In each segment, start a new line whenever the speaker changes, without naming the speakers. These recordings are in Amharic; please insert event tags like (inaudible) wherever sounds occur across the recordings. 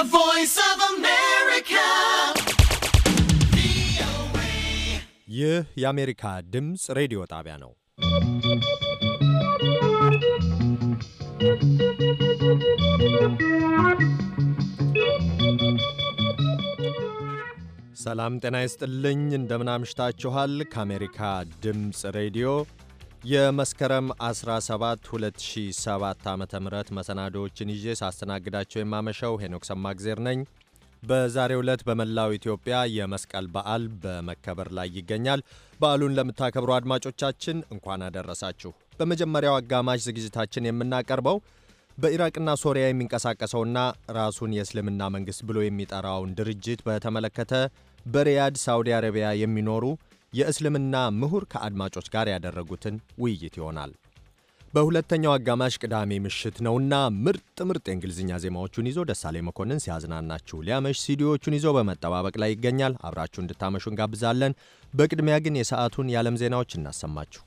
The voice of America.
ይህ የአሜሪካ ድምፅ ሬዲዮ ጣቢያ ነው። ሰላም ጤና ይስጥልኝ። እንደምናምሽታችኋል። ከአሜሪካ ድምፅ ሬዲዮ የመስከረም 17 2007 ዓ ም መሰናዶዎችን ይዤ ሳስተናግዳቸው የማመሸው ሄኖክ ሰማግዜር ነኝ። በዛሬ ዕለት በመላው ኢትዮጵያ የመስቀል በዓል በመከበር ላይ ይገኛል። በዓሉን ለምታከብሩ አድማጮቻችን እንኳን አደረሳችሁ። በመጀመሪያው አጋማሽ ዝግጅታችን የምናቀርበው በኢራቅና ሶሪያ የሚንቀሳቀሰውና ራሱን የእስልምና መንግሥት ብሎ የሚጠራውን ድርጅት በተመለከተ በሪያድ ሳውዲ አረቢያ የሚኖሩ የእስልምና ምሁር ከአድማጮች ጋር ያደረጉትን ውይይት ይሆናል። በሁለተኛው አጋማሽ ቅዳሜ ምሽት ነውና ምርጥ ምርጥ የእንግሊዝኛ ዜማዎቹን ይዞ ደሳሌ መኮንን ሲያዝናናችሁ ሊያመሽ ሲዲዎቹን ይዞ በመጠባበቅ ላይ ይገኛል። አብራችሁ እንድታመሹ እንጋብዛለን። በቅድሚያ ግን የሰዓቱን የዓለም ዜናዎች እናሰማችሁ።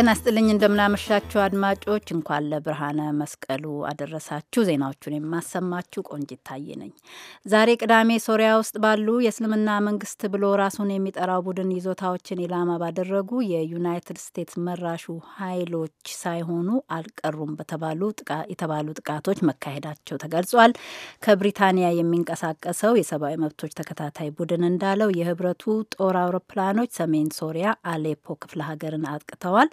ጤና ስጥልኝ እንደምናመሻችሁ አድማጮች፣ እንኳን ለብርሃነ መስቀሉ አደረሳችሁ። ዜናዎቹን የማሰማችሁ ቆንጅ ይታየ ነኝ። ዛሬ ቅዳሜ ሶሪያ ውስጥ ባሉ የእስልምና መንግስት ብሎ ራሱን የሚጠራው ቡድን ይዞታዎችን ኢላማ ባደረጉ የዩናይትድ ስቴትስ መራሹ ኃይሎች ሳይሆኑ አልቀሩም የተባሉ ጥቃቶች መካሄዳቸው ተገልጿል። ከብሪታንያ የሚንቀሳቀሰው የሰብአዊ መብቶች ተከታታይ ቡድን እንዳለው የህብረቱ ጦር አውሮፕላኖች ሰሜን ሶሪያ አሌፖ ክፍለ ሀገርን አጥቅተዋል።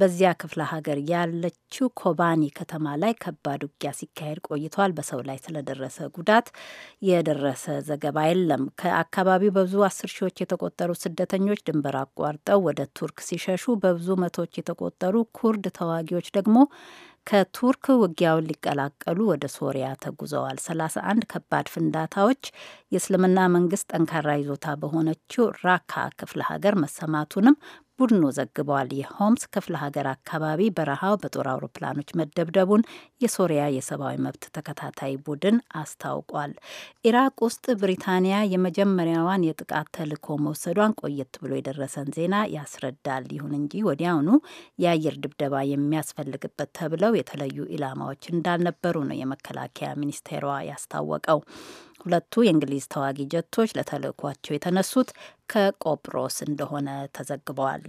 በዚያ ክፍለ ሀገር ያለችው ኮባኒ ከተማ ላይ ከባድ ውጊያ ሲካሄድ ቆይቷል። በሰው ላይ ስለደረሰ ጉዳት የደረሰ ዘገባ የለም። ከአካባቢው በብዙ አስር ሺዎች የተቆጠሩ ስደተኞች ድንበር አቋርጠው ወደ ቱርክ ሲሸሹ በብዙ መቶዎች የተቆጠሩ ኩርድ ተዋጊዎች ደግሞ ከቱርክ ውጊያውን ሊቀላቀሉ ወደ ሶሪያ ተጉዘዋል። 31 ከባድ ፍንዳታዎች የእስልምና መንግስት ጠንካራ ይዞታ በሆነችው ራካ ክፍለ ሀገር መሰማቱንም ቡድኑ ዘግበዋል። የሆምስ ክፍለ ሀገር አካባቢ በረሃው በጦር አውሮፕላኖች መደብደቡን የሶሪያ የሰብአዊ መብት ተከታታይ ቡድን አስታውቋል። ኢራቅ ውስጥ ብሪታንያ የመጀመሪያዋን የጥቃት ተልዕኮ መውሰዷን ቆየት ብሎ የደረሰን ዜና ያስረዳል። ይሁን እንጂ ወዲያውኑ የአየር ድብደባ የሚያስፈልግበት ተብለው የተለዩ ኢላማዎች እንዳልነበሩ ነው የመከላከያ ሚኒስቴሯ ያስታወቀው። ሁለቱ የእንግሊዝ ተዋጊ ጀቶች ለተልእኳቸው የተነሱት ከቆጵሮስ እንደሆነ ተዘግበዋል።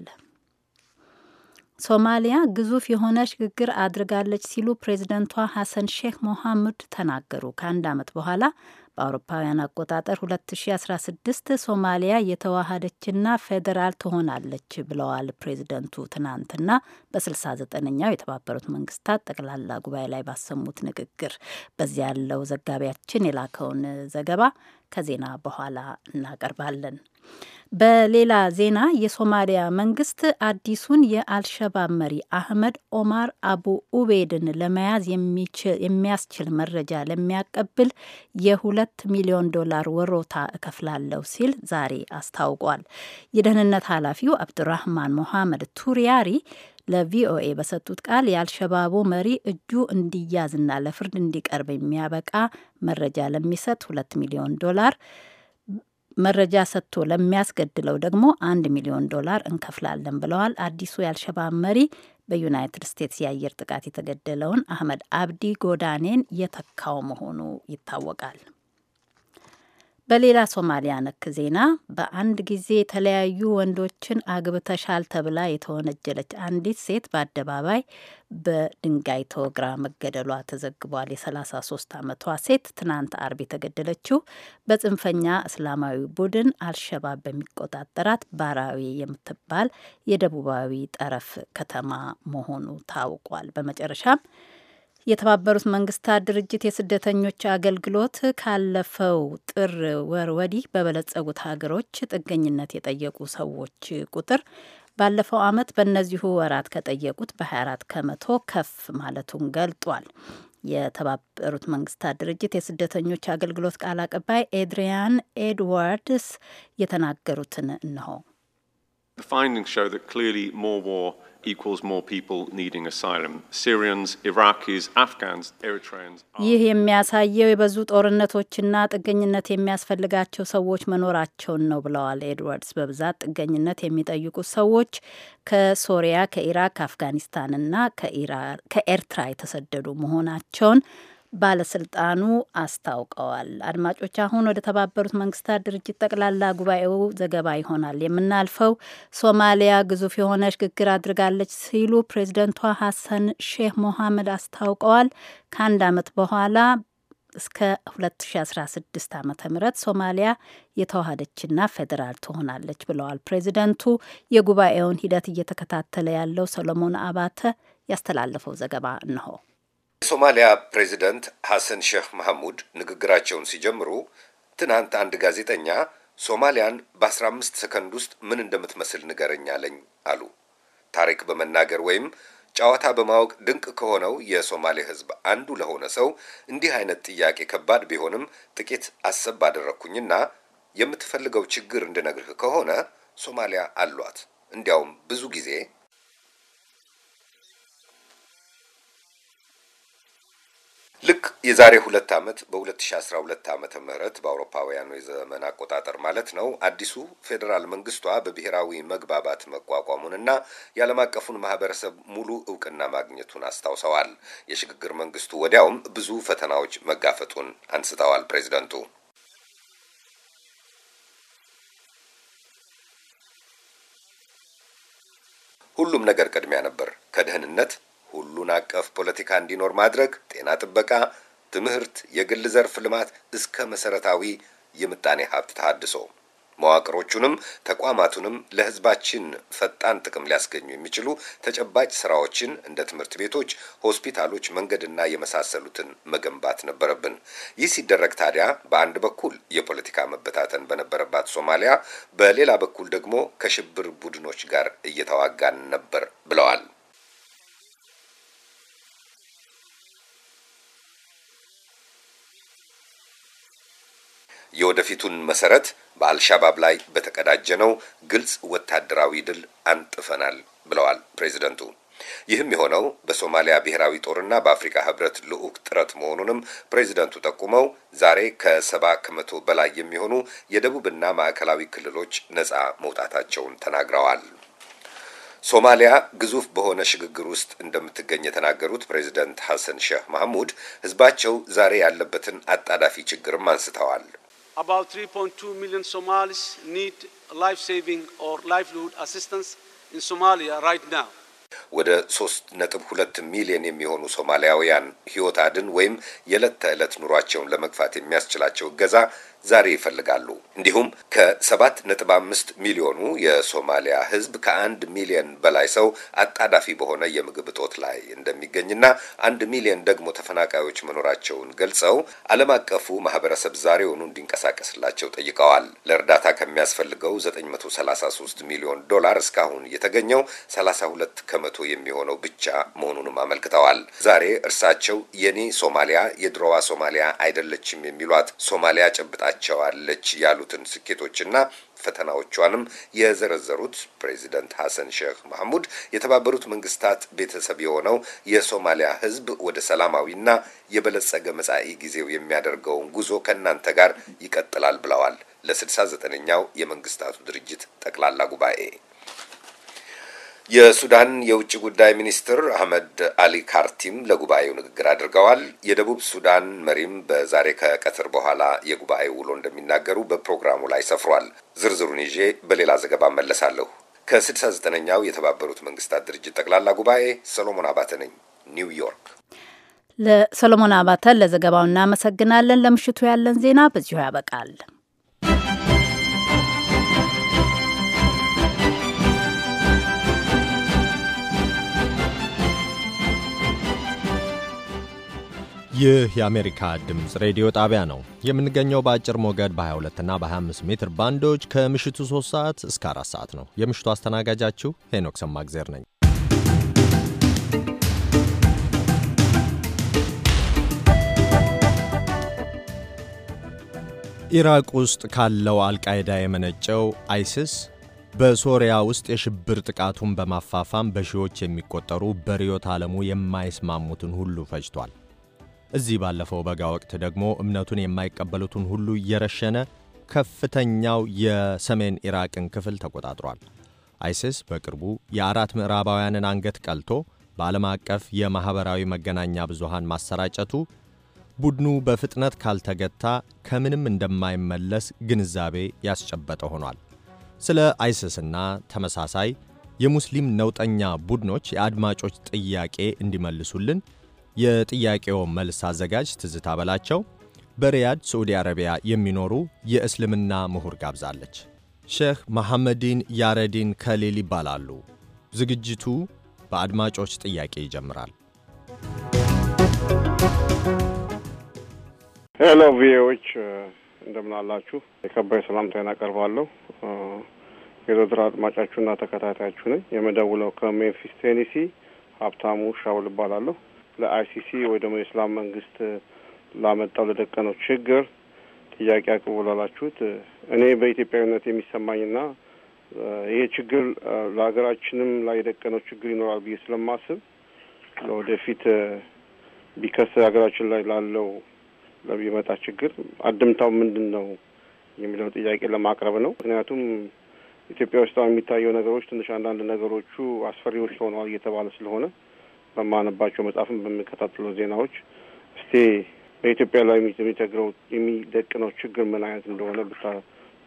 ሶማሊያ ግዙፍ የሆነ ሽግግር አድርጋለች ሲሉ ፕሬዚደንቷ ሀሰን ሼክ ሞሐምድ ተናገሩ። ከአንድ ዓመት በኋላ በአውሮፓውያን አቆጣጠር 2016 ሶማሊያ የተዋሃደችና ፌዴራል ትሆናለች ብለዋል ፕሬዚደንቱ ትናንትና በ69ኛው የተባበሩት መንግስታት ጠቅላላ ጉባኤ ላይ ባሰሙት ንግግር። በዚያ ያለው ዘጋቢያችን የላከውን ዘገባ ከዜና በኋላ እናቀርባለን። በሌላ ዜና የሶማሊያ መንግስት አዲሱን የአልሸባብ መሪ አህመድ ኦማር አቡ ኡቤድን ለመያዝ የሚያስችል መረጃ ለሚያቀብል የሁለት ሚሊዮን ዶላር ወሮታ እከፍላለሁ ሲል ዛሬ አስታውቋል። የደህንነት ኃላፊው አብዱራህማን ሞሐመድ ቱሪያሪ ለቪኦኤ በሰጡት ቃል የአልሸባቡ መሪ እጁ እንዲያዝና ለፍርድ እንዲቀርብ የሚያበቃ መረጃ ለሚሰጥ ሁለት ሚሊዮን ዶላር መረጃ ሰጥቶ ለሚያስገድለው ደግሞ አንድ ሚሊዮን ዶላር እንከፍላለን ብለዋል። አዲሱ የአልሸባብ መሪ በዩናይትድ ስቴትስ የአየር ጥቃት የተገደለውን አህመድ አብዲ ጎዳኔን የተካው መሆኑ ይታወቃል። በሌላ ሶማሊያ ነክ ዜና በአንድ ጊዜ የተለያዩ ወንዶችን አግብተሻል ተብላ የተወነጀለች አንዲት ሴት በአደባባይ በድንጋይ ተወግራ መገደሏ ተዘግቧል። የ33 ዓመቷ ሴት ትናንት አርብ የተገደለችው በጽንፈኛ እስላማዊ ቡድን አልሸባብ በሚቆጣጠራት ባራዊ የምትባል የደቡባዊ ጠረፍ ከተማ መሆኑ ታውቋል። በመጨረሻም የተባበሩት መንግስታት ድርጅት የስደተኞች አገልግሎት ካለፈው ጥር ወር ወዲህ በበለጸጉት ሀገሮች ጥገኝነት የጠየቁ ሰዎች ቁጥር ባለፈው ዓመት በእነዚሁ ወራት ከጠየቁት በ24 ከመቶ ከፍ ማለቱን ገልጧል። የተባበሩት መንግስታት ድርጅት የስደተኞች አገልግሎት ቃል አቀባይ ኤድሪያን ኤድዋርድስ የተናገሩትን እንሆ ይህ የሚያሳየው የበዙ ጦርነቶችና ጥገኝነት የሚያስፈልጋቸው ሰዎች መኖራቸውን ነው ብለዋል ኤድዋርድስ። በብዛት ጥገኝነት የሚጠይቁት ሰዎች ከሶሪያ፣ ከኢራቅ፣ ከአፍጋኒስታንና ከኤርትራ የተሰደዱ መሆናቸውን ባለስልጣኑ አስታውቀዋል። አድማጮች፣ አሁን ወደ ተባበሩት መንግስታት ድርጅት ጠቅላላ ጉባኤው ዘገባ ይሆናል የምናልፈው። ሶማሊያ ግዙፍ የሆነ ሽግግር አድርጋለች ሲሉ ፕሬዚደንቷ ሀሰን ሼህ ሞሐመድ አስታውቀዋል። ከአንድ ዓመት በኋላ እስከ 2016 ዓ ም ሶማሊያ የተዋሃደችና ፌዴራል ትሆናለች ብለዋል ፕሬዚደንቱ። የጉባኤውን ሂደት እየተከታተለ ያለው ሰሎሞን አባተ ያስተላለፈው ዘገባ እንሆ
የሶማሊያ ፕሬዚደንት ሐሰን ሼህ መሐሙድ ንግግራቸውን ሲጀምሩ ትናንት አንድ ጋዜጠኛ ሶማሊያን በ15 ሰከንድ ውስጥ ምን እንደምትመስል ንገረኝ አለኝ አሉ። ታሪክ በመናገር ወይም ጨዋታ በማወቅ ድንቅ ከሆነው የሶማሌ ሕዝብ አንዱ ለሆነ ሰው እንዲህ አይነት ጥያቄ ከባድ ቢሆንም ጥቂት አሰብ አደረግኩኝና የምትፈልገው ችግር እንድነግርህ ከሆነ ሶማሊያ አሏት፣ እንዲያውም ብዙ ጊዜ ልክ የዛሬ ሁለት ዓመት በ2012 ዓመተ ምህረት በአውሮፓውያኑ የዘመን አቆጣጠር ማለት ነው አዲሱ ፌዴራል መንግስቷ በብሔራዊ መግባባት መቋቋሙንና የዓለም አቀፉን ማህበረሰብ ሙሉ እውቅና ማግኘቱን አስታውሰዋል። የሽግግር መንግስቱ ወዲያውም ብዙ ፈተናዎች መጋፈጡን አንስተዋል ፕሬዚደንቱ። ሁሉም ነገር ቅድሚያ ነበር ከደህንነት ሁሉን አቀፍ ፖለቲካ እንዲኖር ማድረግ፣ ጤና ጥበቃ፣ ትምህርት፣ የግል ዘርፍ ልማት እስከ መሰረታዊ የምጣኔ ሀብት ተሃድሶ መዋቅሮቹንም ተቋማቱንም ለሕዝባችን ፈጣን ጥቅም ሊያስገኙ የሚችሉ ተጨባጭ ስራዎችን እንደ ትምህርት ቤቶች፣ ሆስፒታሎች፣ መንገድና የመሳሰሉትን መገንባት ነበረብን። ይህ ሲደረግ ታዲያ በአንድ በኩል የፖለቲካ መበታተን በነበረባት ሶማሊያ፣ በሌላ በኩል ደግሞ ከሽብር ቡድኖች ጋር እየተዋጋን ነበር ብለዋል። የወደፊቱን መሰረት በአልሻባብ ላይ በተቀዳጀነው ግልጽ ወታደራዊ ድል አንጥፈናል ብለዋል ፕሬዚደንቱ። ይህም የሆነው በሶማሊያ ብሔራዊ ጦርና በአፍሪካ ህብረት ልዑክ ጥረት መሆኑንም ፕሬዚደንቱ ጠቁመው ዛሬ ከሰባ ከመቶ በላይ የሚሆኑ የደቡብና ማዕከላዊ ክልሎች ነፃ መውጣታቸውን ተናግረዋል። ሶማሊያ ግዙፍ በሆነ ሽግግር ውስጥ እንደምትገኝ የተናገሩት ፕሬዚደንት ሐሰን ሼህ ማህሙድ ህዝባቸው ዛሬ ያለበትን አጣዳፊ ችግርም አንስተዋል።
about 3.2 million Somalis need life-saving or livelihood assistance in Somalia right now.
ወደ 3.2 ሚሊዮን የሚሆኑ ሶማሊያውያን ሕይወት አድን ወይም የዕለት ተዕለት ኑሯቸውን ለመግፋት የሚያስችላቸው እገዛ ዛሬ ይፈልጋሉ። እንዲሁም ከሰባት 75 ሚሊዮኑ የሶማሊያ ህዝብ ከአንድ ሚሊዮን በላይ ሰው አጣዳፊ በሆነ የምግብ እጦት ላይ እንደሚገኝና አንድ ሚሊዮን ደግሞ ተፈናቃዮች መኖራቸውን ገልጸው ዓለም አቀፉ ማህበረሰብ ዛሬውኑ እንዲንቀሳቀስላቸው ጠይቀዋል። ለእርዳታ ከሚያስፈልገው 933 ሚሊዮን ዶላር እስካሁን የተገኘው 32 ከመቶ የሚሆነው ብቻ መሆኑንም አመልክተዋል። ዛሬ እርሳቸው የኔ ሶማሊያ የድሮዋ ሶማሊያ አይደለችም የሚሏት ሶማሊያ ጨብጣ አስገኝታቸዋለች ያሉትን ስኬቶችና ፈተናዎቿንም የዘረዘሩት ፕሬዚደንት ሐሰን ሼህ ማህሙድ የተባበሩት መንግስታት ቤተሰብ የሆነው የሶማሊያ ሕዝብ ወደ ሰላማዊና የበለጸገ መጻኢ ጊዜው የሚያደርገውን ጉዞ ከእናንተ ጋር ይቀጥላል ብለዋል ለ69ኛው የመንግስታቱ ድርጅት ጠቅላላ ጉባኤ የሱዳን የውጭ ጉዳይ ሚኒስትር አህመድ አሊ ካርቲም ለጉባኤው ንግግር አድርገዋል። የደቡብ ሱዳን መሪም በዛሬ ከቀትር በኋላ የጉባኤው ውሎ እንደሚናገሩ በፕሮግራሙ ላይ ሰፍሯል። ዝርዝሩን ይዤ በሌላ ዘገባ መለሳለሁ። ከ69ኛው የተባበሩት መንግስታት ድርጅት ጠቅላላ ጉባኤ ሰሎሞን አባተ ነኝ፣ ኒውዮርክ።
ለሰሎሞን አባተ ለዘገባው እናመሰግናለን። ለምሽቱ ያለን ዜና በዚሁ ያበቃል።
ይህ የአሜሪካ ድምፅ ሬዲዮ ጣቢያ ነው። የምንገኘው በአጭር ሞገድ በ22 እና በ25 ሜትር ባንዶች ከምሽቱ 3 ሰዓት እስከ 4 ሰዓት ነው። የምሽቱ አስተናጋጃችሁ ሄኖክ ሰማግዜር ነኝ። ኢራቅ ውስጥ ካለው አልቃይዳ የመነጨው አይሲስ በሶሪያ ውስጥ የሽብር ጥቃቱን በማፋፋም በሺዎች የሚቆጠሩ በርዕዮተ ዓለሙ የማይስማሙትን ሁሉ ፈጅቷል። እዚህ ባለፈው በጋ ወቅት ደግሞ እምነቱን የማይቀበሉትን ሁሉ እየረሸነ ከፍተኛው የሰሜን ኢራቅን ክፍል ተቆጣጥሯል። አይሲስ በቅርቡ የአራት ምዕራባውያንን አንገት ቀልቶ በዓለም አቀፍ የማኅበራዊ መገናኛ ብዙሃን ማሰራጨቱ ቡድኑ በፍጥነት ካልተገታ ከምንም እንደማይመለስ ግንዛቤ ያስጨበጠ ሆኗል። ስለ አይሲስና ተመሳሳይ የሙስሊም ነውጠኛ ቡድኖች የአድማጮች ጥያቄ እንዲመልሱልን የጥያቄው መልስ አዘጋጅ ትዝታ በላቸው በሪያድ ሳዑዲ አረቢያ የሚኖሩ የእስልምና ምሁር ጋብዛለች። ሼህ መሐመዲን ያረዲን ከሊል ይባላሉ። ዝግጅቱ በአድማጮች ጥያቄ ይጀምራል።
ሄሎ ቪዎች እንደምናላችሁ የከባይ ሰላምታዬን አቀርባለሁ። የዘወትር አድማጫችሁና ተከታታያችሁ ነኝ። የምደውለው ከሜንፊስ ቴኒሲ፣ ሀብታሙ ሻውል ይባላለሁ። ለአይሲሲ ወይ ደግሞ የእስላም መንግስት ላመጣው ለደቀነው ችግር ጥያቄ አቅርቦ ላላችሁት እኔ በኢትዮጵያዊነት የሚሰማኝና ይሄ ችግር ለሀገራችንም ላይ የደቀነው ችግር ይኖራል ብዬ ስለማስብ ለወደፊት ቢከስ ሀገራችን ላይ ላለው ለሚመጣ ችግር አድምታው ምንድን ነው የሚለው ጥያቄ ለማቅረብ ነው። ምክንያቱም ኢትዮጵያ ውስጥ የሚታየው ነገሮች ትንሽ አንዳንድ ነገሮቹ አስፈሪዎች ሆነዋል እየተባለ ስለሆነ በማነባቸው መጽሐፍን በምከታተለው ዜናዎች እስቲ በኢትዮጵያ ላይ የሚተግረው የሚደቅነው ችግር ምን አይነት እንደሆነ ብታ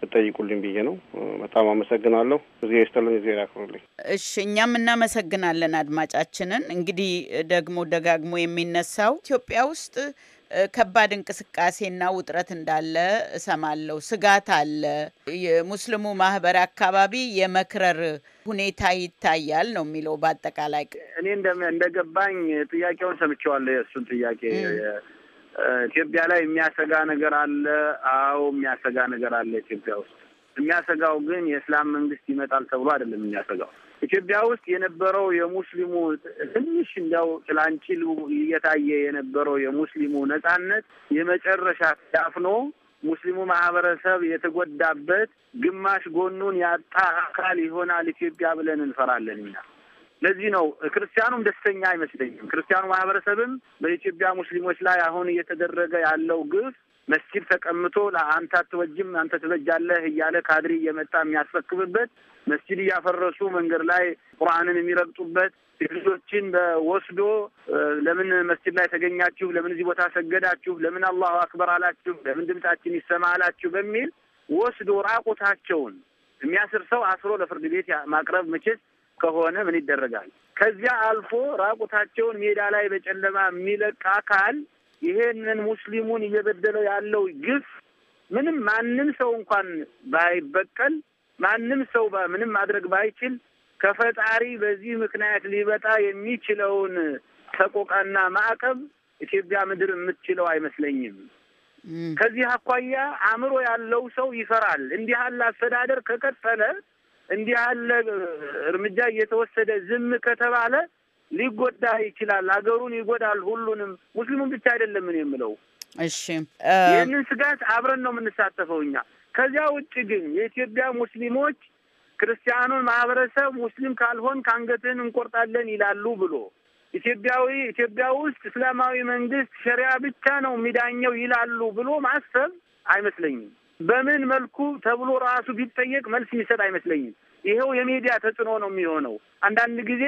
ብጠይቁልኝ ብዬ ነው። በጣም አመሰግናለሁ። እዚ ስተልን ዜና ያክሩልኝ።
እሺ፣ እኛም እናመሰግናለን አድማጫችንን። እንግዲህ ደግሞ ደጋግሞ የሚነሳው ኢትዮጵያ ውስጥ ከባድ እንቅስቃሴና ውጥረት እንዳለ እሰማለሁ። ስጋት አለ። የሙስሊሙ ማህበር አካባቢ የመክረር ሁኔታ ይታያል ነው የሚለው። በአጠቃላይ እኔ
እንደገባኝ ጥያቄውን ሰምቼዋለሁ። የእሱን ጥያቄ ኢትዮጵያ ላይ የሚያሰጋ ነገር አለ። አዎ የሚያሰጋ ነገር አለ ኢትዮጵያ ውስጥ። የሚያሰጋው ግን የእስላም መንግስት ይመጣል ተብሎ አይደለም የሚያሰጋው ኢትዮጵያ ውስጥ የነበረው የሙስሊሙ ትንሽ እንዲያው ጭላንጭሉ እየታየ የነበረው የሙስሊሙ ነጻነት የመጨረሻ ዳፍኖ ሙስሊሙ ማህበረሰብ የተጎዳበት ግማሽ ጎኑን ያጣ አካል ይሆናል ኢትዮጵያ ብለን እንፈራለን እኛ። ለዚህ ነው ክርስቲያኑም ደስተኛ አይመስለኝም። ክርስቲያኑ ማህበረሰብም በኢትዮጵያ ሙስሊሞች ላይ አሁን እየተደረገ ያለው ግፍ መስጊድ ተቀምጦ ለአንተ አትበጅም አንተ ትበጃለህ እያለ ካድሪ እየመጣ የሚያስረክብበት መስጂድ እያፈረሱ መንገድ ላይ ቁርአንን የሚረግጡበት ልጆችን ወስዶ ለምን መስጂድ ላይ ተገኛችሁ? ለምን እዚህ ቦታ ሰገዳችሁ? ለምን አላሁ አክበር አላችሁ? ለምን ድምጻችን ይሰማ አላችሁ? በሚል ወስዶ ራቁታቸውን የሚያስር ሰው አስሮ ለፍርድ ቤት ማቅረብ መቼስ ከሆነ ምን ይደረጋል? ከዚያ አልፎ ራቁታቸውን ሜዳ ላይ በጨለማ የሚለቅ አካል ይሄንን ሙስሊሙን እየበደለው ያለው ግፍ ምንም ማንም ሰው እንኳን ባይበቀል ማንም ሰው ምንም ማድረግ ባይችል ከፈጣሪ በዚህ ምክንያት ሊበጣ የሚችለውን ሰቆቃና ማዕቀብ ኢትዮጵያ ምድር የምትችለው አይመስለኝም። ከዚህ አኳያ አእምሮ ያለው ሰው ይፈራል። እንዲህ ያለ አስተዳደር ከቀጠለ፣ እንዲህ ያለ እርምጃ እየተወሰደ ዝም ከተባለ ሊጎዳ ይችላል። አገሩን ይጎዳል። ሁሉንም ሙስሊሙን ብቻ አይደለም እኔ የምለው።
እሺ፣ ይህንን
ስጋት አብረን ነው የምንሳተፈው እኛ ከዚያ ውጭ ግን የኢትዮጵያ ሙስሊሞች ክርስቲያኑን ማህበረሰብ ሙስሊም ካልሆን ከአንገትህን እንቆርጣለን ይላሉ ብሎ ኢትዮጵያዊ ኢትዮጵያ ውስጥ እስላማዊ መንግስት ሸሪያ ብቻ ነው የሚዳኘው ይላሉ ብሎ ማሰብ አይመስለኝም። በምን መልኩ ተብሎ ራሱ ቢጠየቅ መልስ ይሰጥ አይመስለኝም። ይኸው የሚዲያ ተጽዕኖ ነው የሚሆነው። አንዳንድ ጊዜ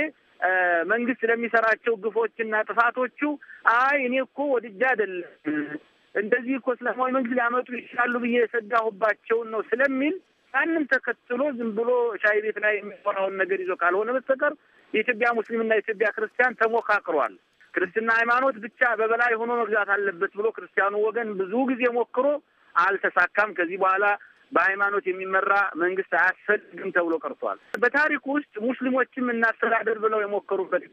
መንግስት ለሚሰራቸው ግፎችና ጥፋቶቹ አይ እኔ እኮ ወድጄ አይደለም እንደዚህ እኮ እስላማዊ መንግስት ሊያመጡ ይችላሉ ብዬ የሰጋሁባቸውን ነው ስለሚል ያንን ተከትሎ ዝም ብሎ ሻይ ቤት ላይ የሚሆነውን ነገር ይዞ ካልሆነ በስተቀር የኢትዮጵያ ሙስሊምና የኢትዮጵያ ክርስቲያን ተሞካክሯል። ክርስትና ሃይማኖት ብቻ በበላይ ሆኖ መግዛት አለበት ብሎ ክርስቲያኑ ወገን ብዙ ጊዜ ሞክሮ አልተሳካም። ከዚህ በኋላ በሃይማኖት የሚመራ መንግስት አያስፈልግም ተብሎ ቀርቷል። በታሪክ ውስጥ ሙስሊሞችም እናስተዳደር ብለው የሞከሩበት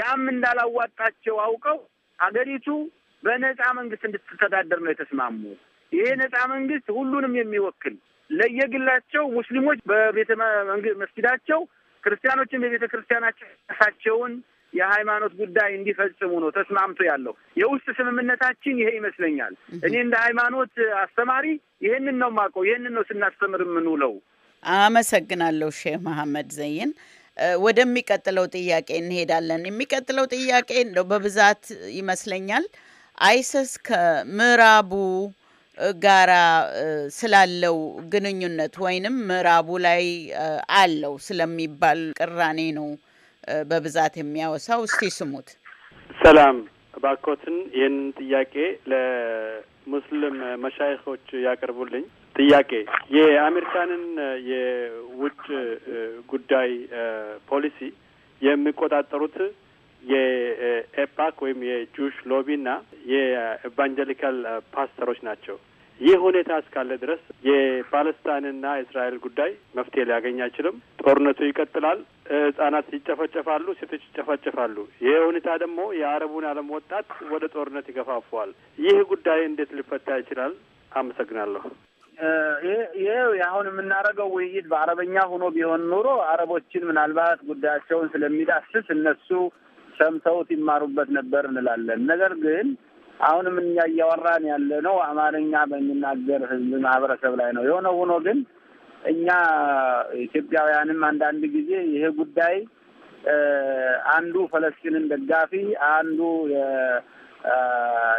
ያም እንዳላዋጣቸው አውቀው አገሪቱ በነፃ መንግስት እንድትተዳደር ነው የተስማሙ። ይሄ ነፃ መንግስት ሁሉንም የሚወክል ለየግላቸው ሙስሊሞች በቤተ መስጊዳቸው፣ ክርስቲያኖችን በቤተ ክርስቲያናቸው ራሳቸውን የሃይማኖት ጉዳይ እንዲፈጽሙ ነው ተስማምቶ ያለው። የውስጥ ስምምነታችን ይሄ ይመስለኛል። እኔ እንደ ሃይማኖት አስተማሪ ይህንን ነው የማውቀው። ይህንን ነው ስናስተምር የምንውለው።
አመሰግናለሁ ሼህ መሐመድ ዘይን። ወደሚቀጥለው ጥያቄ እንሄዳለን። የሚቀጥለው ጥያቄ እንደው በብዛት ይመስለኛል አይሰስ ከምዕራቡ ጋራ ስላለው ግንኙነት ወይንም ምዕራቡ ላይ አለው ስለሚባል ቅራኔ ነው በብዛት የሚያወሳው። እስቲ ስሙት።
ሰላም ባኮትን ይህንን ጥያቄ ለሙስሊም መሻይኮች ያቀርቡልኝ። ጥያቄ የአሜሪካንን የውጭ ጉዳይ ፖሊሲ የሚቆጣጠሩት የኤፓክ ወይም የጁሽ ሎቢና የኤቫንጀሊካል ፓስተሮች ናቸው። ይህ ሁኔታ እስካለ ድረስ የፓለስታይንና የእስራኤል ጉዳይ መፍትሄ ሊያገኝ አይችልም። ጦርነቱ ይቀጥላል። ህጻናት ይጨፈጨፋሉ፣ ሴቶች ይጨፈጨፋሉ። ይህ ሁኔታ ደግሞ የአረቡን ዓለም ወጣት ወደ ጦርነት ይገፋፈዋል። ይህ ጉዳይ እንዴት ሊፈታ ይችላል? አመሰግናለሁ።
ይህ አሁን የምናደርገው ውይይት በአረበኛ ሆኖ ቢሆን ኑሮ አረቦችን ምናልባት ጉዳያቸውን ስለሚዳስስ እነሱ ሰምተውት ይማሩበት ነበር እንላለን። ነገር ግን አሁንም እኛ እያወራን ያለ ነው አማርኛ በሚናገር ህዝብ ማህበረሰብ ላይ ነው። የሆነ ሆኖ ግን እኛ ኢትዮጵያውያንም አንዳንድ ጊዜ ይሄ ጉዳይ አንዱ ፈለስቲንን ደጋፊ አንዱ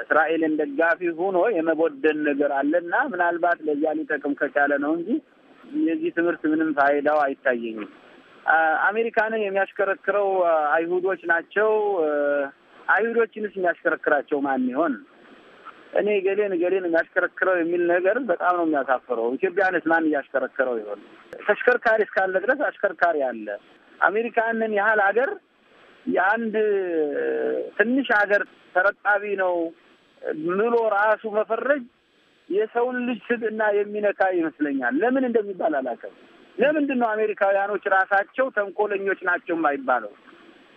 እስራኤልን ደጋፊ ሆኖ የመቦደን ነገር አለና ምናልባት ለዚያ ሊጠቅም ከቻለ ነው እንጂ የዚህ ትምህርት ምንም ፋይዳው አይታየኝም። አሜሪካንን የሚያሽከረክረው አይሁዶች ናቸው። አይሁዶችንስ የሚያሽከረክራቸው ማን ይሆን? እኔ ገሌን ገሌን የሚያሽከረክረው የሚል ነገር በጣም ነው የሚያሳፍረው። ኢትዮጵያንስ ማን እያሽከረክረው ይሆን? ተሽከርካሪ እስካለ ድረስ አሽከርካሪ አለ። አሜሪካንን ያህል ሀገር የአንድ ትንሽ ሀገር ተረጣቢ ነው ምሎ ራሱ መፈረጅ የሰውን ልጅ ስብዕና የሚነካ ይመስለኛል። ለምን እንደሚባል አላውቅም። ለምንድን ነው አሜሪካውያኖች ራሳቸው ተንኮለኞች ናቸው የማይባለው?